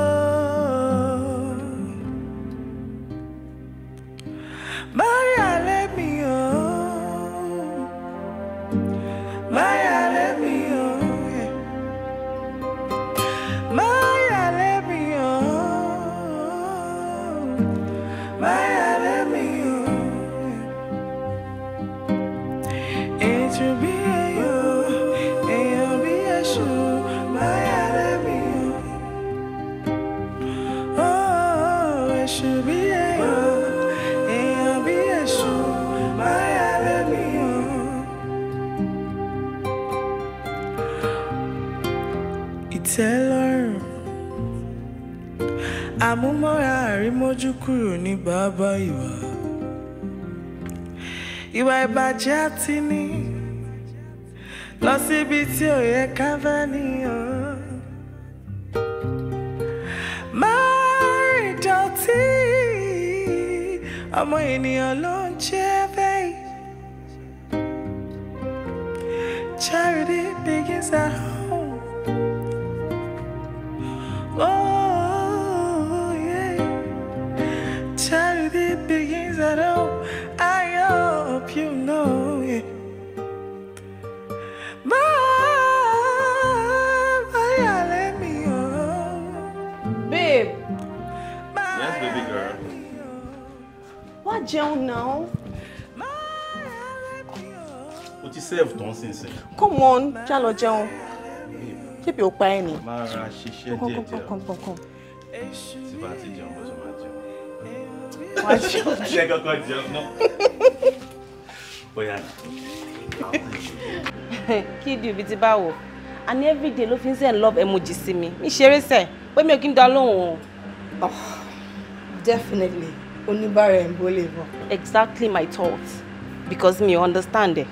S6: àmúmọ́ra àrímójú kúrò ní bàbá ìwà ìwà ìbàjẹ́ àti ní lọ síbi tí ò yẹ ká bá nìyàn. máa ọmọ ènìyàn ló ń jẹ́ bẹ́ẹ̀. Charity begins at home.
S5: jẹun náà.
S1: o ti serve tán sínsìn.
S5: come on já lọ jẹun kébi ó pa ẹ ni. máa ra ṣiṣẹ́ díẹ̀ díẹ̀ Come
S1: tí bá ti jẹun bó ṣe máa jẹun. wàá jẹun. ṣé kọ́kọ́ jẹun náà. bóyá ni.
S4: kí di ibi tí bá wò and everyday ló fi ń send love emoji sí mi mi ṣeré sẹ pé mi ò kí ń dá lóhùn o. Oh, definitely oníbàárà ń bó lè bọ̀. exactly my thought, because me understand it.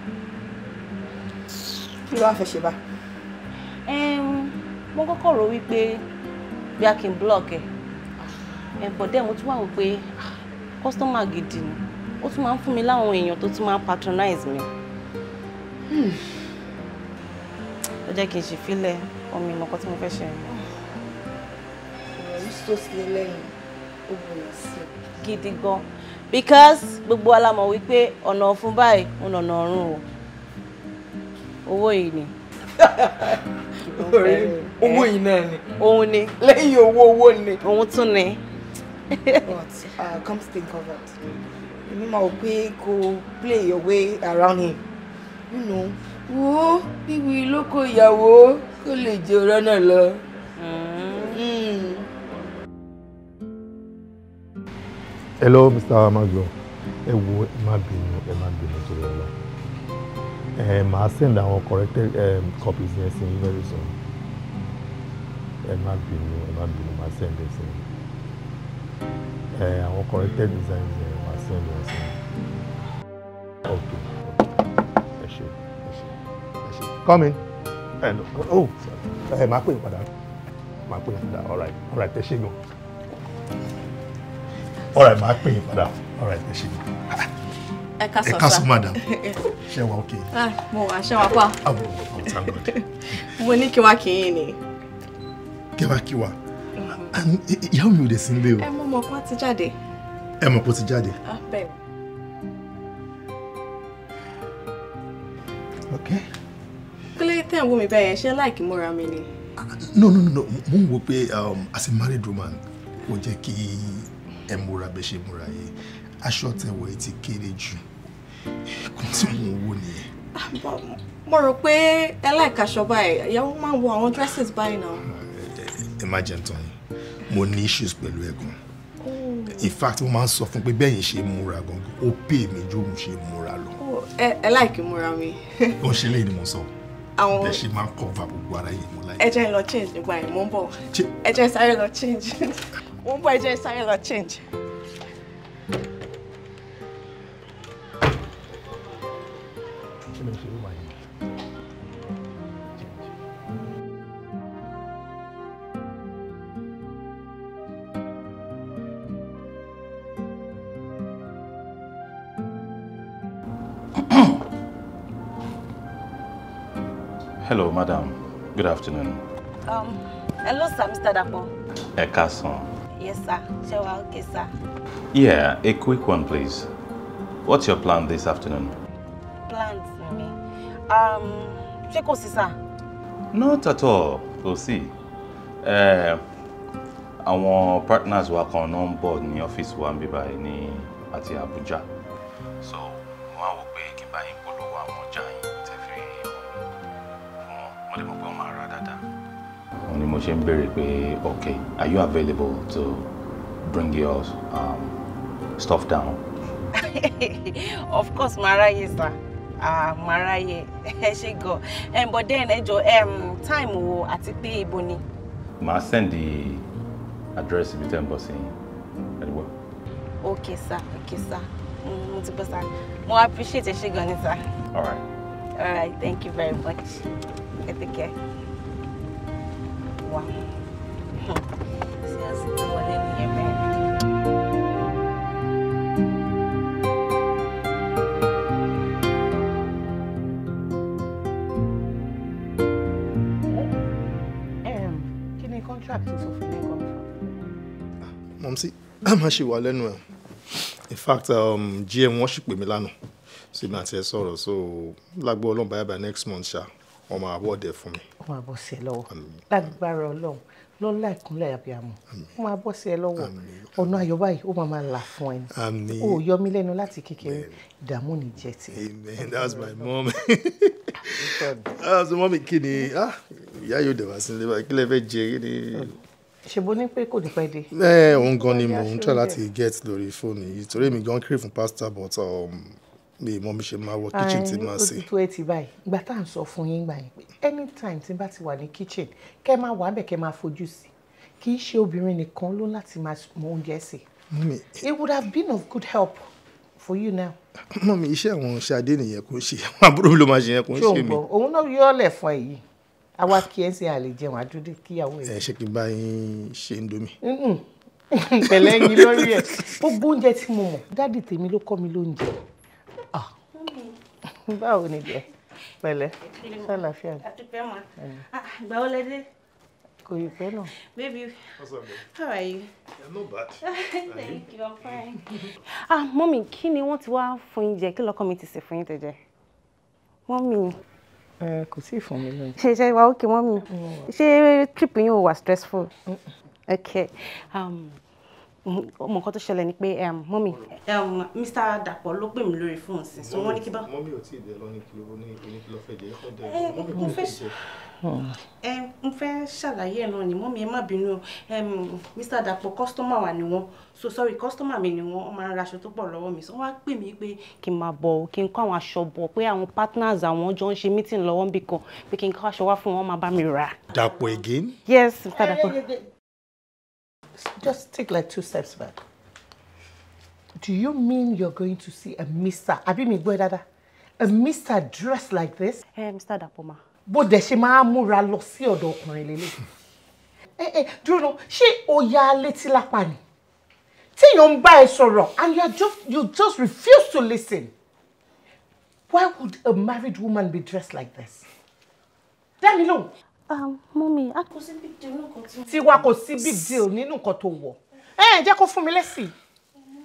S4: kí ló wàá fẹ́ ṣe bá. mo kọ́kọ́ rò wípé bí a kì í block ẹ̀ ẹ̀ but mo tún wà wò ah, customer gidi ni ó tún máa ń fún mi láwọn èèyàn tó tún máa ń patronize mi. ó hmm. jẹ́ kí n ṣì fílẹ̀ omi ìmọ̀kọ́ tí mo fẹ́ ṣe. ọ̀rọ̀ yìí sọ sílẹ̀ lẹ́yìn ó bọ̀rọ̀ sí i gidi gan because gbogbo wa la mọ̀ wípé ọ̀nà ọ̀fun báyìí ń nọ̀nà ọ̀run o owó yìí ni. owó yìí náà ni. òun ni. lẹ́yìn owó owó ni. òun tún ni. but uh, come stay
S5: covered. of it èmi máa wò pé kò play your way around him you know wo bíbi lóko ìyàwó kó lè jẹ ọ̀rọ̀ náà lọ. Mm.
S2: hello mr amagbo ẹ wo ẹ má bínú ẹ má bínú torí ọlọ ẹ máa send àwọn corrected um, copies yẹn sí yín very soon ẹ má bínú ẹ má bínú máa send ẹ sí yín ẹ àwọn corrected designs yẹn máa send ẹ sí yín ok ẹ ṣe ẹ ṣe ẹ ṣe come in ẹ no oh ẹ máa pè é padà máa pè é padà all right all right ẹ ṣe gan all right máa pè yín all right ẹ ṣe. ẹ ká sọ sá ẹ ká sọ madam ṣe wa ok. Ah,
S5: mo wà ṣe wa pa. Ah, mo ní kí wá kí yín ni.
S2: kí wá kí wá ìyàwó mi ò dé sí ilé o. ẹ
S5: mọ̀ mọ̀ kó ti jáde.
S2: ẹ mọ̀ kó ti jáde. Ah, bẹ́ẹ̀ Okay.
S5: Kílé tẹ́ ń wò mí bẹ́ẹ̀ yẹn ṣé láìkí múra mi ni.
S2: No no no no mo ń wo pé um, as a married woman kò jẹ́ kí ẹ múra bẹ ṣe múra yìí aṣọ tẹwọ ẹ ti kéré jù kan tí mo wò nìyẹn.
S5: mo rò pé ẹ láìka aṣọ báyìí ìyàwó máa ń wọ àwọn dresses báyìí náà.
S2: ẹ má jẹun tán yín mo ní issues pẹ̀lú ẹ̀gùn in fact mo máa ń sọ fún pé bẹ́yìn ṣe múra gangan ó pè mí ju òun ṣe múra lọ.
S5: ẹ láìkí múra mi.
S2: ó ṣe léyìn ni mo sọ àwọn bẹ́ẹ̀ ṣe máa ń cover gbogbo ara yìí mo láì. ẹ
S5: jẹ́ n lọ change nígbà yẹn mo ń bọ̀ ẹ jẹ́ sáré lọ change. mo
S1: Hello, madam. Good afternoon.
S4: Um, hello, sir, Mr. Dapo.
S1: Ẹ káàsán.
S4: Yes, sir. Shall wà okay, sir?
S1: Yeah, a quick one, please. What's your plan this afternoon?
S4: Plans, me? Um, ṣé kò sí, sir?
S1: Not at all, We'll see. Uh, our partners wa on board in the office ọ́fíìsì wa ń bí báyìí ní Abuja. So, wọ́n á ni mo ṣe ń béèrè pé okay are you available to bring your um, stuff down.
S4: of course maraye sir ah maraye ẹ ṣe gan um, but then ẹ jọ um, time wo àti pé ibo ni.
S1: màá send the address ibi tẹ́ ń bọ̀ sí ẹ wọ.
S4: okay sir okay sir mm, mo ti gbọ́ sir mo appreciate ẹ ṣe gan ni sir. all right. all right thank you very much ẹ take care wa. ṣé
S3: a contract sọ fún mi come from.
S2: Mọ̀mísí, a máa ṣe wà lẹ́nu ẹ̀. In fact, um, GM wọ́n ṣì pè mí lánàá. Síbi àti ẹ sọ̀rọ̀ so lágbo ọlọ́run báyà next month ṣáà wọn máa bọ́ ọ̀dẹ̀ fún mi.
S3: wọn máa bọ́ sí ẹ lọ́wọ́ lágbára ọlọ́run lọ́lá ìkúnlẹ̀ àbíàmù wọn máa bọ́ sí ẹ lọ́wọ́ ọ̀nà ayọ̀ báyìí ó máa máa là fún ẹni ó yọ mí lẹ́nu láti kékeré ìdààmú ní jẹ́ ti.
S2: amen that's my mom. Ah, so mọ́mí kí ni ah, ìyá yóò dẹ̀ wá sí ilé wa kí lẹ fẹ́ jẹ kí ni. ṣèbó
S3: ní pé kò ní pẹ́ dé.
S2: ẹ eh, òun gan ni mò ń tọ́ láti get lórí fóònù yìí torí mi gan crave fún pasta but. Um, mi ì mi ṣe máa wọ kitchen tí máa ṣe. ó ti
S3: tó etí báyìí ìgbà tá à ń sọ fún yín gbà yín pé anytime tí n bá ti wà ní kitchen kẹ́ máa wà bẹ̀ kẹ́ máa fojú sí kì í ṣe obìnrin nìkan ló láti máa mọ oúnjẹ sí. it would have been of good help for you now.
S2: mọ mi iṣẹ́ àwọn ṣadé nìyẹn kò ń ṣe àwọn àbúrò mi ló máa ṣe yẹn kò ń ṣe mi. ṣòǹgbọ
S3: òun náà yọ ọlẹ fún ẹ yìí àwa kì í ṣe àlè jẹun àdúdé kíyàwó ẹ. ẹ ṣe
S2: kí n bá yín ṣe ń domi
S3: pẹ̀lẹ́ yín lórí ẹ̀ gbogbo oúnjẹ tí mo mọ̀ dádì tèmi ló kọ́ mi lóúnjẹ báwo ni jẹ pẹ̀lẹ́ ṣàlàfíà ni.
S4: àtúpẹ́ mọ́ ah, ìgbà wo lẹ dé. kò yí pẹ́ náà. baby how are you.
S2: Yeah, not bad.
S4: thank you i'm fine. ah mọ́mí kí ni wọ́n ti wá fún yín jẹ kí lọ́kọ mi ti sè fún yín tẹ̀jẹ̀ mọ́mí.
S6: ẹ kò sí ìfún mi lónìí.
S4: ṣe ṣe wa ókè mọ́mí mm-hmm. ṣé trip yín ò wà stressful. okay Um, mọ nǹkan tó ṣẹlẹ̀ ni pé Um, Mr. Dàpọ̀ ló pè mí lórí fóònù sí so wọ́n ní kí bá. mọ́mì
S2: ò tí ì dé lọ ní kìlọ̀ ní oníkìlọ̀ fẹ́ jẹ́ ẹ̀kọ́ dẹ̀ mọ́mì kò fẹ́ jẹ́.
S4: ẹ n fẹ́ ṣàlàyé ẹ̀ náà ni mọ́mì ẹ má bínú Mr. Dàpọ̀ kọ́sítọ́mà wà ní wọn so sorry kọ́sítọ́mà mi ni wọ́n máa ń raṣọ tó pọ̀ lọ́wọ́ mi so wọ́n á pè mí pé kí n máa bọ̀ o kí n kó àwọn aṣọ bọ̀ pé àwọn partners àwọn jọ ń ṣe meeting lọ́wọ́ ń bì kan pé kí n kó aṣọ wá fún wọn máa bá mi rà.
S2: Dàpọ̀ again.
S4: yes Mr.
S3: Dàpọ̀ just take like two steps back. Do you mean you're going to see a Mr. Abi mi A Mr. dressed like this? Hey, Mr. Dapoma. But dẹ̀ ṣe máa múra lọ sí ọ̀dọ̀ ọkùnrin lélẹ̀. Ẹ ẹ dúró náà ṣé o ya létí lápá ni? Téèyàn ń bá ẹ sọ̀rọ̀ and you just, you just refuse to listen. Why would a married woman be dressed like this? Dá mi lóhùn mọ́mí um, a kò sí big deal nínú nǹkan tó wọ̀. tiwa kò sí big deal nínú nǹkan tó wọ̀ ẹ jẹ́ kó fún mi lẹ́sìn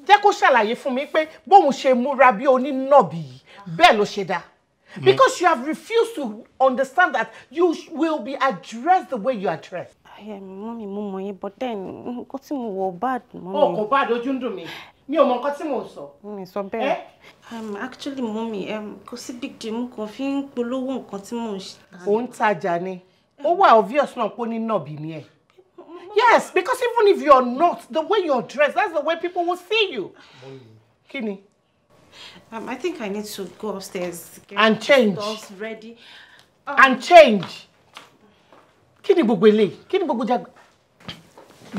S3: jẹ́ kó ṣàlàyé fún mi pé bóun ṣe múra bí onínàbì yìí bẹ́ẹ̀ ló ṣe dáa hmm. because you have refused to understand that you will be addressed the way you are dressed. ayé mi
S4: mú mi mú yín but then nǹkan tí mo wọ bad mọ mi. o oh, kò
S3: bad ojú ń dùn mí mi ò mọ nǹkan
S4: tí mo sọ. mi sọ bẹ́ẹ̀. Eh? Um, actually mọ mi um, kò sí big deal mo kàn fi ń
S3: polówó nǹkan tí mò ń ṣe. ò ń tajà ni. Oh well, obvious náà pé ó ní nọ̀bì ni yes because even if you're not the way you're dressed that's the way people will see you. Kini, Um, I think I need to go upstairs. Get and change. Ready. Um, and change. Kini, ni Kini, eléyìí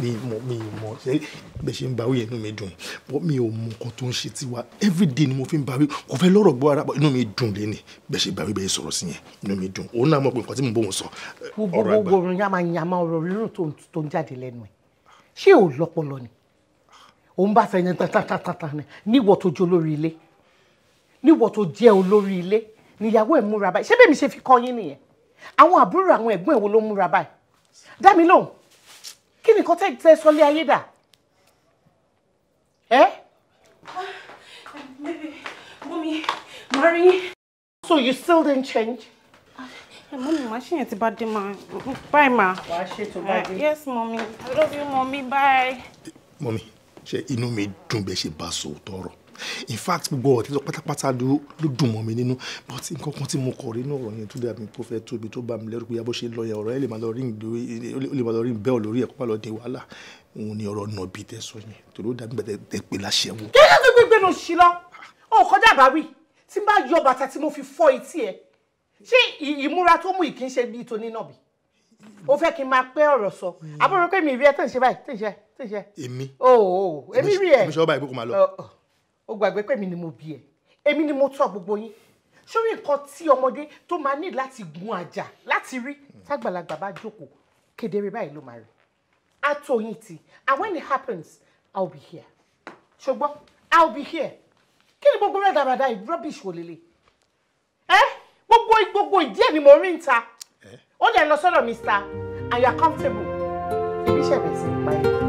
S2: mi mo mi mo. ṣe bẹ́ẹ̀ ṣe ń bawí inú mi dùn bọ́ mi ò mọ nǹkan tó ń ṣe tiwa everyday ni mo fi ń bawí kò fẹ́ lọ́rọ̀ gbọ́ ara pọ̀ inú mi dùn lẹ́ni bẹ́ẹ̀ ṣe bawí bẹ́ẹ̀ sọ̀rọ̀ sí yẹn inú mi dùn òun náà mọ̀ pé nǹkan tí mo bóun sọ eh, ọ̀rọ̀ àgbà. gbogbo
S3: yamayama ọ̀rọ̀ rírùn tó ń jáde lẹ́nu ẹ̀ ṣé ò lọ́pọlọ ni òun bá fẹ́ yan tatatata ni níwọ̀ tó jẹ́ olórí ilé níwọ̀ tó jẹ́ olórí ilé níyàwó ẹ̀ múra báyìí ṣé bẹ́ẹ̀ mi ṣe fi kọ́ yín nìyẹn àwọn àbúrò àwọn ẹ̀gbọ́n ẹ̀ wo ló múra báyìí dá mi lóhùn kí ni nǹkan tẹ́ sọ lé ayé dà ẹ́. mọ́mí màá rí so you still didn't
S4: change. mọ́mí màá ṣèyàn tí bá dé ma bye ma. wàá ṣètò bá dé. yes mọ́mí i love you mọ́mí bye.
S2: mọ́mí ṣe inú mi dùn bẹ́ẹ̀ ṣe bá sòótọ́ ọ̀rọ̀ in fact gbogbo ọ̀rọ̀ tẹ́lọ pátápátá ló dùn mọ́ mi nínú but nǹkan kan tí mo kọ̀ rí náà ọ̀rọ̀ yẹn tó dàbí tó fẹ́ tóbi tó bá mi lẹ́rù pé abọ́ ṣe ń lọ yẹn ọ̀rọ̀ ẹ̀ lè máa lọ rí bẹ́ẹ̀ lórí ẹ̀kọ́ bá lọ di wàhálà òun ni ọ̀rọ̀ náà bí tẹ́ sọ yẹn tó ló dàbí gbẹ̀dẹ̀ tẹ́ pé láṣẹ wo. kí ló
S3: tó gbégbé e nù sí lọ ọkọ dàbá wí tí n bá yọ bàtà tí mo fi fọ etí ẹ ṣé ìmúra tó mú ìkí ń ṣe bíi tóní náà bí o fẹ́ kí n máa pẹ́ ọ̀rọ̀ sọ àbúrò pé mi rí ẹ tó ń ṣe báyìí tó ń ṣe tó ń ṣe.
S2: èmi oh, oh, oh. èmi rí ẹ èmi sọ báyìí pé kò máa lọ
S3: o gbàgbé pé èmi ni mo bí ẹ èmi ni mo tọ́ gbogbo yín sórí nǹkan tí ọmọdé tó máa ní láti gun àjà láti rí tágbàlagbà bá jókòó kedere báyìí ló máa rí àtòyìn tí and when it happens i be here ṣùgbọ́n i will be here kí ni gbogbo rẹ̀ yìí rubbish wò lélẹ̀ ẹ gbogbo gbogbo ìdí ẹ̀ ni mo rí ń ta ó dẹ̀ lọ sọ́dọ̀ mr and you are comfortable ibi iṣẹ́ bẹ̀rẹ̀ sí ní báyìí.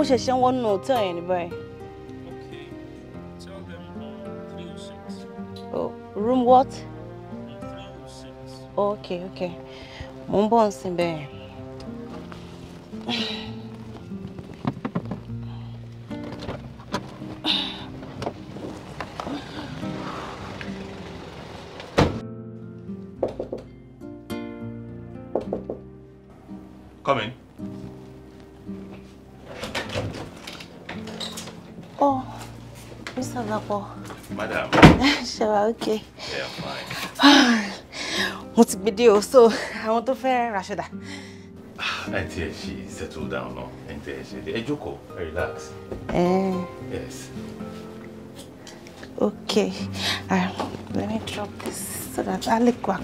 S4: mo ṣẹ̀ṣẹ̀ wọ́n okay
S6: tell them room
S4: oh room what. three
S6: hmm, okay okay mo ń
S4: bọ̀ ń sin Come in. Mr. Lapo. Madam. Ṣẹ̀wá, okay. Yeah, fine. Mo ti gbé o, so àwọn tó fẹ́ raṣọ dà.
S1: Ẹ ti ẹ̀ ṣe settle down náà, ẹ ti ẹ̀ ṣe Ẹ jókòó, ẹ relax. Eh. Yes.
S4: Okay, uh,
S1: let me drop this so
S4: that I look back.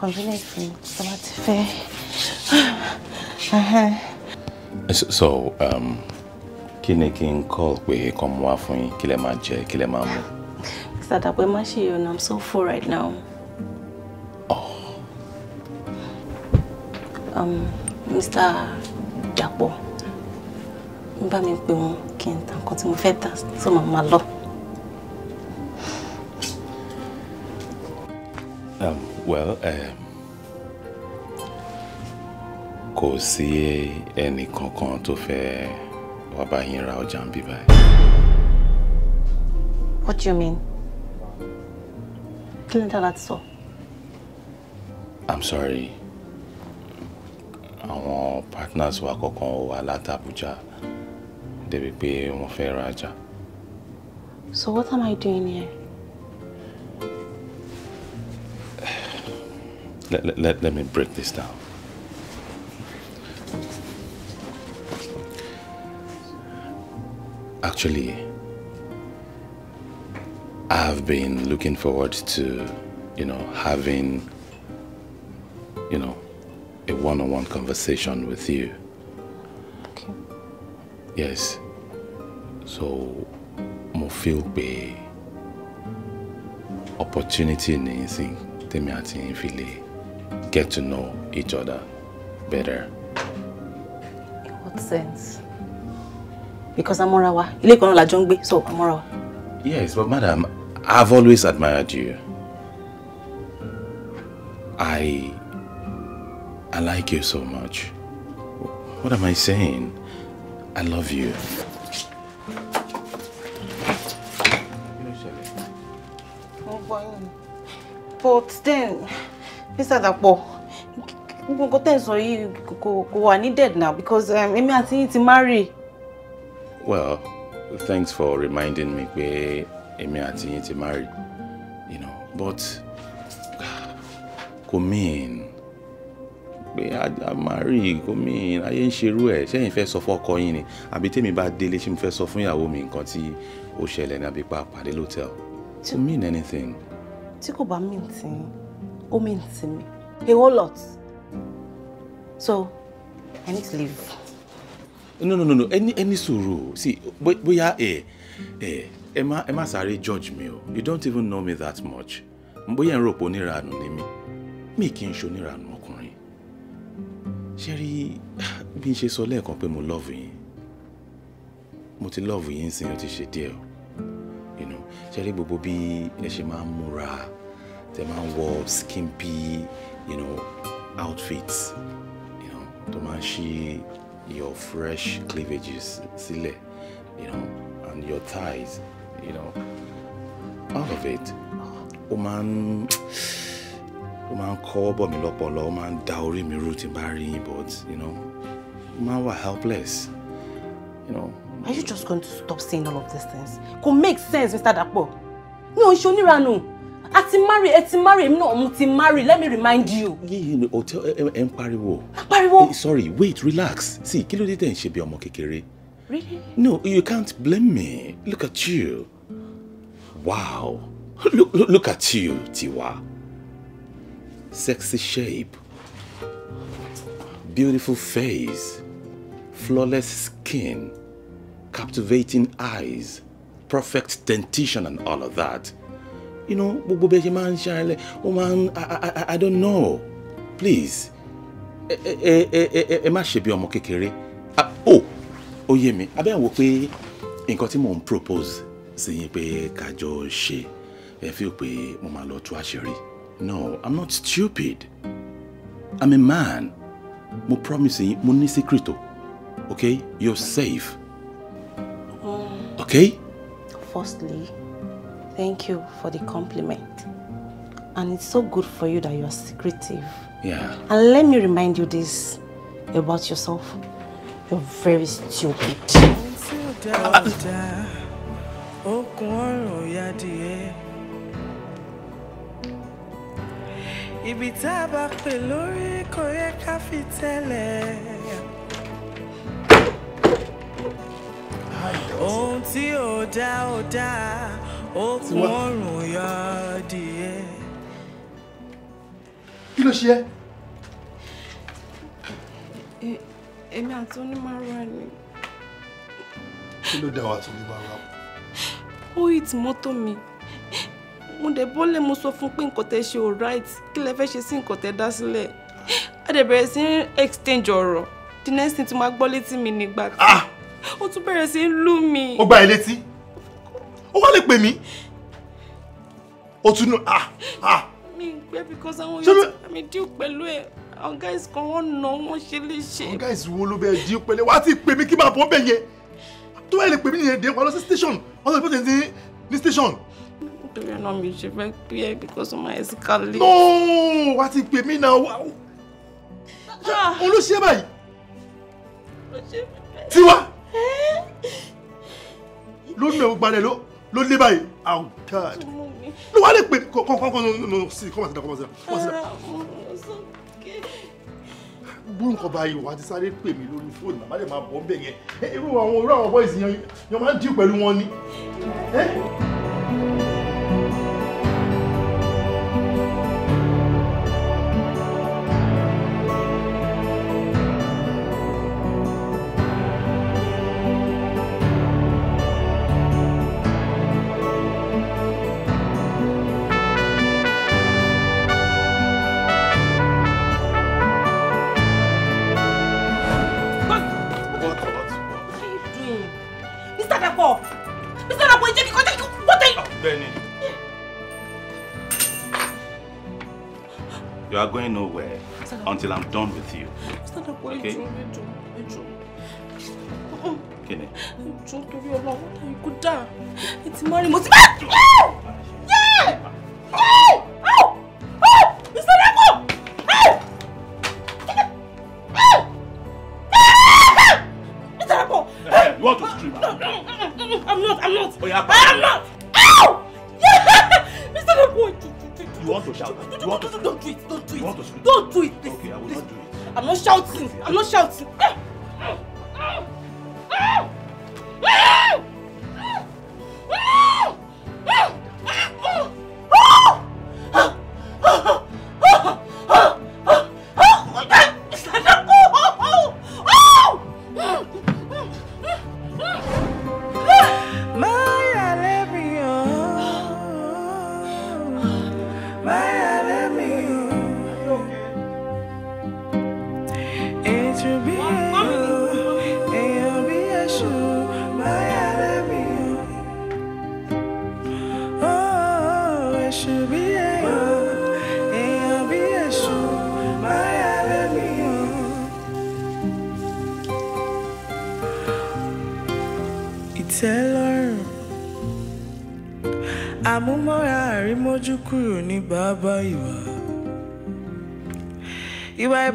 S4: Convenient for me, so that fair. Uh-huh.
S1: So, um, kí ni kí n call pé kọ́ mú wá fún yín kí lẹ máa jẹ kí lẹ máa mú.
S4: Mr. Dapò ẹ má ṣe yọ̀nà I'm so full right now. Oh. Um, Mr. Dapò ń bá mi pè wọ́n kí n ta nǹkan tí mo fẹ́ ta tó máa máa lọ.
S1: Um, well, um, kò sí ẹnì kankan tó fẹ́ẹ́ wàá bá yín ra ọjà ń bí
S4: what do you mean? kí ló ń dá láti
S1: i'm sorry àwọn partners wa kọ̀ọ̀kan wà láti Abuja débi pé wọ́n fẹ́ ra ajá.
S4: so what am I doing here?
S1: let, let, let me break this down. Actually, I've been looking forward to, you know, having, you know, a one-on-one -on -one conversation with you. Okay. Yes. So, mo feel be opportunity ni nsin tèmi get to know each other better.
S4: In what sense? because amọ́ra wa ilé kan náà la jọ ń gbé so amọ́ra
S3: wa.
S1: yes but madam I've always admired you I I like you so much what am I saying I love you.
S4: but then Mr. Dapo gbogbo tẹ̀sán yìí kò wà needed now because Emi um, àti yín ti marry
S1: well thanks for reminding me pé èmi àti yín ti marry you know but kò mean pé a marry kò mean ayé ń ṣerú ẹ̀ sẹ́yìn fẹ́ sọ fọ́kọ yín ni àbí tèmi bá délé ṣé mo fẹ́ sọ fún ìyàwó mi nǹkan tí ó ṣẹlẹ̀ ní àbí pa the hotel. kò mean anything.
S4: tí kò bá mean tí ó mean tí mi a whole lot so
S1: I need to leave no no no no Any, any sùúrù See, bóyá ẹ ẹ ẹ má Emma, má sáré judge me, o you don't even know me that much bóyá ń rò pé oníranù ni mí mi kì í ṣe oníranù ọkùnrin ṣé rí bí n ṣe sọ lẹ́ẹ̀kan pé mo love yín mo ti love yín nsìn ó ti ṣe díẹ̀ o you know ṣé rí gbogbo bí ẹ ṣe máa ń múra tẹ máa ń wọ skimpy you know outfits you know tó máa ń ṣe your fresh cleavages sílẹ̀ you know and your thighs you know all of it ó máa ń ó máa ń kọ́ bọ̀ mí lọ́pọlọ ó máa ń da orí mi rú tí n bá rí yín but you know ó máa ń wà helpless you know.
S4: Are you just going to stop saying all of these things? Kò make sense Mr. Dapo mi ò ń ṣe oníranù
S1: a ti marry ẹ ti marry èmi náà mo ti marry let me remind you. yíyí hotel ẹ ń pariwo. pariwo. sorry wait relax see kí ló dé tẹ̀ ń ṣe bí ọmọ kékeré. really. no you can't blame me look at you wow look, look, look at you Tiwa sexy shape beautiful face flawless skin captivating eyes perfect dentition and all of that you know gbogbo bẹ́ẹ̀ ṣe máa ń ṣàlẹ̀ ó máa ń i don't know please ẹ ẹ ẹ ẹ má ṣe bí ọmọ kékeré ó ah, oh, ó yé mi abẹ́ àwọ̀ pé nǹkan tí mò ń propose sí yín pé kájọ ṣe ẹ fi pé mo máa lọ tú àṣírí no i'm not stupid i'm a man mo promise yín mo ní secret o okay you're safe mm. okay.
S4: firstly Thank you for the compliment. And it's so good for you that you are secretive. Yeah. And let me remind you this about yourself. You're very stupid.
S6: Ibi tá a bá okun
S2: ọrùn ya adìyẹ. kí ló ṣe ẹ́.
S4: E, èmi àti onímọ̀ràn ni.
S2: kí ló dá wa àti onímọ̀ràn.
S4: ó hit mọ́tò mi mo dẹ̀ bọ́lẹ̀ mo sọ fún pé nǹkan tẹ́ ṣe ò right kí lẹ fẹ́ ṣe sí nǹkan tẹ́ dá sílẹ̀ a dẹ̀ bẹ̀rẹ̀ sí ní exchange ọ̀rọ̀ the next thing tí mo gbọ́ létí mi nígbà tí ah! ó tún bẹ̀rẹ̀ sí í lù mí. ó gbá ẹ
S2: létí ó wá lè pe mi? O tún nù ah ah. mi ń gbé because àwọn yóò tẹ mi díù pẹ̀lú ẹ̀ àwọn guys kan wọ́n nà wọ́n ṣe lè ṣe. àwọn guys wo ló bẹ díù pẹ̀lú wá ti pè mí kí máa bọ́ bẹ̀ yẹn tó wá lè pè mí nìyẹn dé wá lọ sí station wọ́n sọ pé kò sí ní station.
S4: nítorí náà mi ṣe fẹ́ pé ẹ because of my escalate. no
S2: wá ti pè mí náà wá o ah. ló ṣe báyìí tiwa eh? lónìí ẹ̀ gbàdẹ ló ló lé báyìí oh god ló wá lè pè kọ́ kọ́ kọ́ sí kọ́ màsídà kọ́ màsídà kọ́ màsídà. gbúrú nǹkan báyìí wà á ti sáré pè mí lórí fóònù màmá lè máa bọ̀ ọ́ bẹ̀ yẹn irú àwọn irú àwọn boys yẹn yẹn máa ń dín pẹ̀lú wọn ni. Eh?
S1: until I'm done with you. Okay? Kini?
S4: Ìjọ torí ọlọ́run ọ̀tá ikú dà. Ẹ ti máa rí Oh!
S6: Oh! Mr. Deko! Mr. Deko! You want to scream?
S3: No, I'm not, I'm not. Oh, yeah, I am not. You want to shout? You want to? Don't do it! Don't do it! You want to? Don't do it! Please. Okay, I will not do it. I'm not shouting. I'm not shouting. Eh!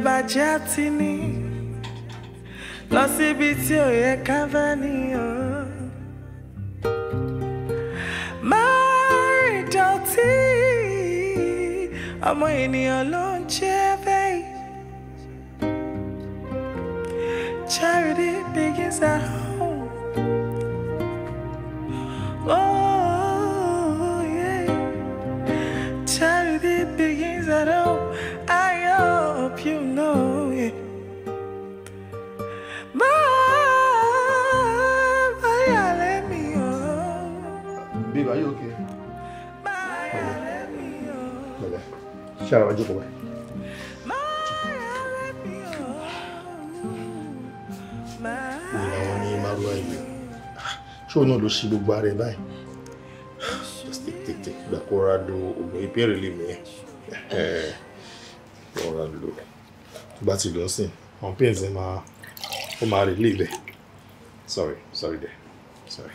S6: bàjẹ́ àti ní lọ síbi tí ò yẹ ká fẹ́.
S2: ló ṣe gbogbo ara ẹ báyìí just take take take gba kó ra lo oògùn ìpín relief yẹn kó ra lo tó bá ti lọ sìn àwọn pains ẹ máa ó máa relief ẹ sorry sorry there sorry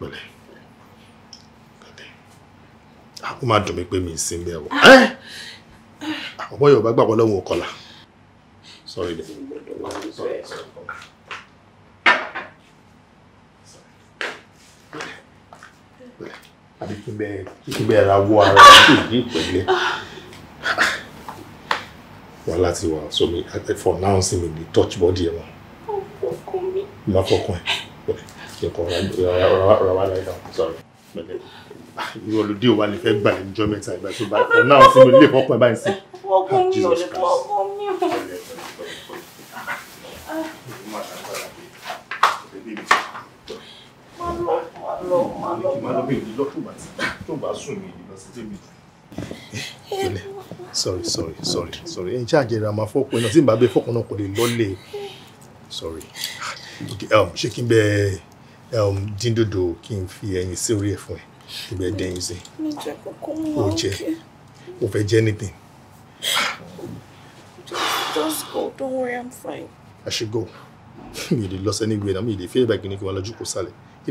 S2: pẹ̀lẹ́ pẹ̀lẹ́ ah, ó máa dùn mí pé mi ì sinmi ẹ wọ àwọn bọyọ gbàgbọ́ lọ́wọ́ ọkọlá sorry there àbí kí bẹ kí bẹ ra wọ ara rẹ kí n pẹ̀lẹ́ láti wà so for now sí mi touch body ẹ wọn. ọkọ mi. má fọkàn ẹ ṣe kọ ra wà láì dáhùn sorry ìwọ ló dé òwà lè fẹ́ gbà ẹ̀ níjọ́ mẹ́ta ìgbà tó bá for now sí lè fọkàn báyìí sí.
S6: ọkọ mi ò lè fọkàn
S4: mi ò.
S2: máa sorry sorry sorry sorry ẹ̀ ń ṣàjẹrà máa fọ́pọ̀ iná tí n bá bẹ fọ́pọ̀ náà kò lè lọ́lẹ̀ sorry Okay. Um, n bẹ um, dín dòdò kí n fi ẹyin sí orí ẹ̀ fún ẹ kí n bẹ dẹ́yìn anything.
S6: Just, just go. Don't worry, I'm fine.
S2: I should go. Mi lost any lọ sẹ́ni gbé náà, mi ò lè fẹ́ ìbàgbé ní kí wọ́n Give kó sálẹ̀. Kí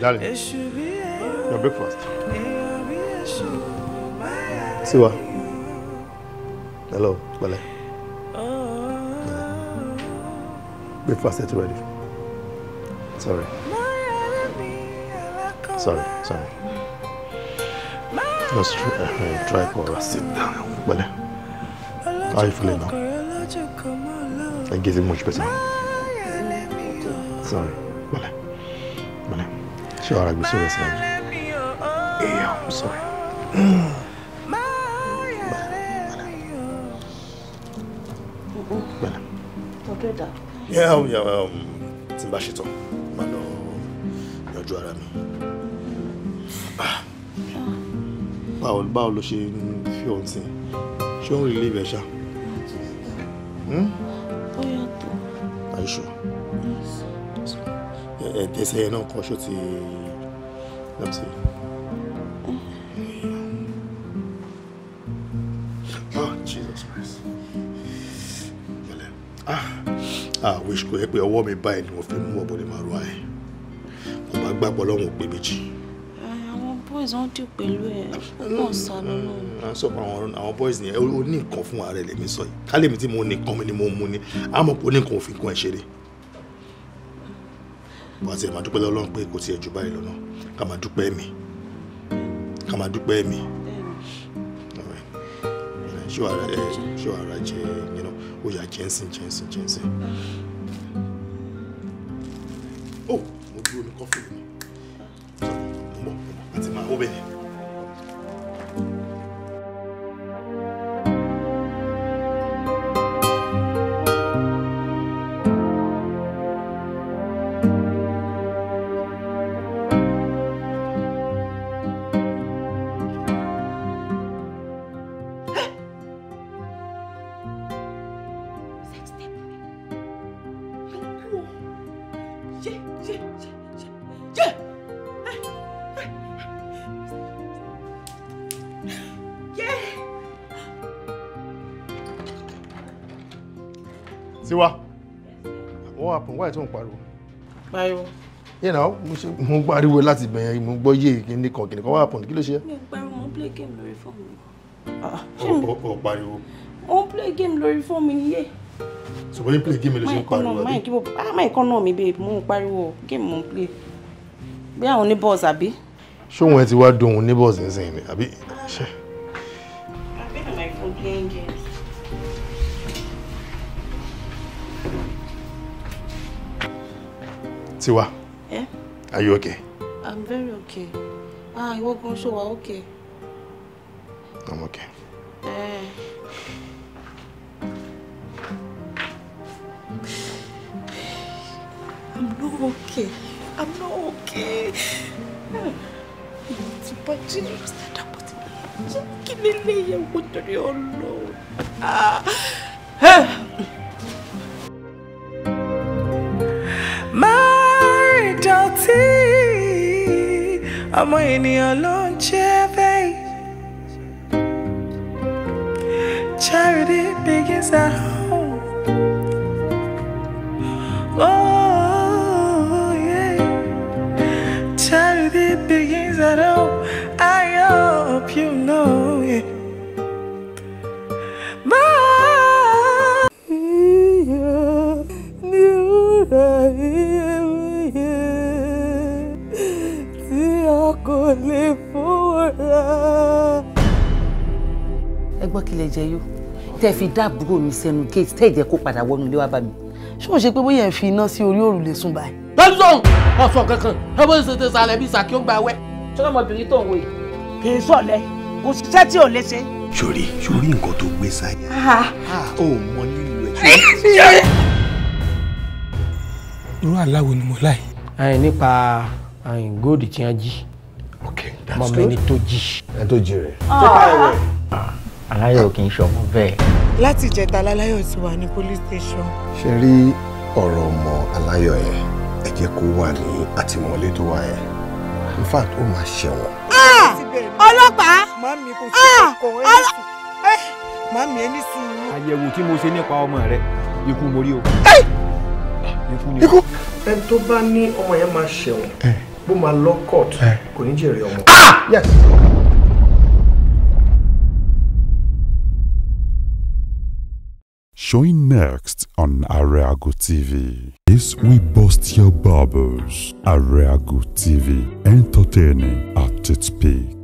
S2: Darling, your breakfast. Siwa. Hello, Bale. Yeah. Breakfast is ready. Sorry. Sorry, sorry. Just try, uh, uh, try for a sit down, Bale. How are you feeling now? I get it much better. Sorry ṣé wàá gbé sórí ẹsẹ̀ rẹ̀ èyí àwọn sọ rẹ̀. tí n bá ṣetán máa lọ yanjú ara mi báwo báwo ló ṣe ń fi ohun sí ṣé ó ń rí ilé ṣá. ẹ̀ẹ́dẹ́sẹ̀ yẹn náà kan ti let me Oh, Jesus Christ. Ah, I ah, wish kò yẹ pé ọwọ́ mi báyìí ni mo fi mú ọ̀bọ̀dé máa rú ayé. Mo bá gbàgbọ́ lọ́wọ́ òpè méjì.
S4: Àwọn boys wọ́n dì pẹ̀lú ẹ̀,
S2: ó kàn sá lọ́nà. Mm, mm, à ń sọ pé àwọn boys ni ó ní nǹkan fún ààrẹ lèmi sọ yìí. Kálẹ̀ mi tí mo ní nǹkan mi ni mo mú ni, àmọ́ pé ó ní nǹkan òfin kan ẹ̀ ṣeré bọ́n àti ẹ̀ máa dúpẹ́ lọ́lọ́run pé kò tiẹ̀ jù báyìí lọ́nà ká máa dúpẹ́ ẹ̀mí ká máa dúpẹ́ ẹ̀mí ṣé wàá ra jẹ yín ó yà jẹ́nsìn jẹ́nsìn jẹ́nsìn. ó oh, mo dúró ní kọ́fì mi mo mọ̀ àti máa ó bẹ̀rẹ̀. you know mo ṣe mo ń pariwo láti bẹ̀yẹn mo gbọ́ yé kíní kan kíní kan wà pọ̀n kí ló ṣe. mi
S4: mo play game lórí fóònù mi.
S2: Ah, o pariwo.
S4: mo play game lórí fóònù mi yé.
S2: So we play game ló ṣe ń pariwo àbí. máì kí
S4: Ah, máì kọ́ náà mi babe mo pariwo game mo ń play bí àwọn ní bọ́ọ̀sì àbí.
S2: ṣóun ẹ ti wá dohun ní bọ́ọ̀sì nísìnyí ni àbí.
S4: àbí àmà ìfún playing games. tiwa. Eh? Are you okay? I'm very okay. Ah, ìwọ gan ṣó wà okay.
S2: I'm okay.
S5: Eh. I'm not okay. I'm not okay. Ti bàjẹ́ dàpọ̀ ti
S3: bàjẹ́ kí lélẹ́yẹ̀ wọ́n torí ọlọ́run. Ah!
S6: Eh. ìdọ̀tí ọmọ ènìyàn ló ń jẹ́ bẹ́ẹ̀. Charity begins at
S3: tẹ́ fi dáàbúrò mi sẹ́nu gate tẹ́ ìjẹ́ kó padà wọnú ilé wa bá mi ṣé o ṣe pé bóyá ẹ fi iná sí orí òrùlé sùn báyìí. lọ́sọ̀n ọ̀sán kankan ẹ bó ṣe ṣe sàlẹ̀ bí sàkí ó gba ẹwẹ́. sọlọmọbìnrin tó ń wo yìí. kì í sọ̀lẹ
S4: kò ṣiṣẹ́ tí ò lè ṣe.
S2: sori sori nǹkan tó gbé sáyà ó mọ
S6: nílùú ẹ.
S2: irú aláwo ni mo láì.
S3: ẹyin nípa ẹyin góòdì tí wọn jí mọ mi ni tó jí. ẹ
S2: tó jí rẹ.
S6: Ah
S2: aláyọ̀ kì í ṣọmọ bẹ́ẹ̀.
S6: láti ìjẹta aláyọ̀ ti wà ní police station.
S2: ṣe rí ọ̀rọ̀ ọmọ aláyọ̀ yẹn ẹ jẹ́ kó wà ní àtìmọ́lé tó wà yẹn in fact ó máa ṣẹ̀wọ̀n.
S6: Ah! ọlọ́pàá màmí kò sí ọkọ̀ ah! ẹ̀ eh! màmí ẹ ní sùúrù.
S2: àyẹ̀wò tí mo ṣe nípa ọmọ rẹ ikú mo o. Eh! Ah, ikú o. ẹni tó bá ní ọmọ yẹn máa ṣẹ̀wọ̀n eh! bó máa lọ court kò ní jèrè ọmọ. yes.
S1: Showing next on Areago TV. This we bust your bubbles. Areago TV, entertaining at its peak.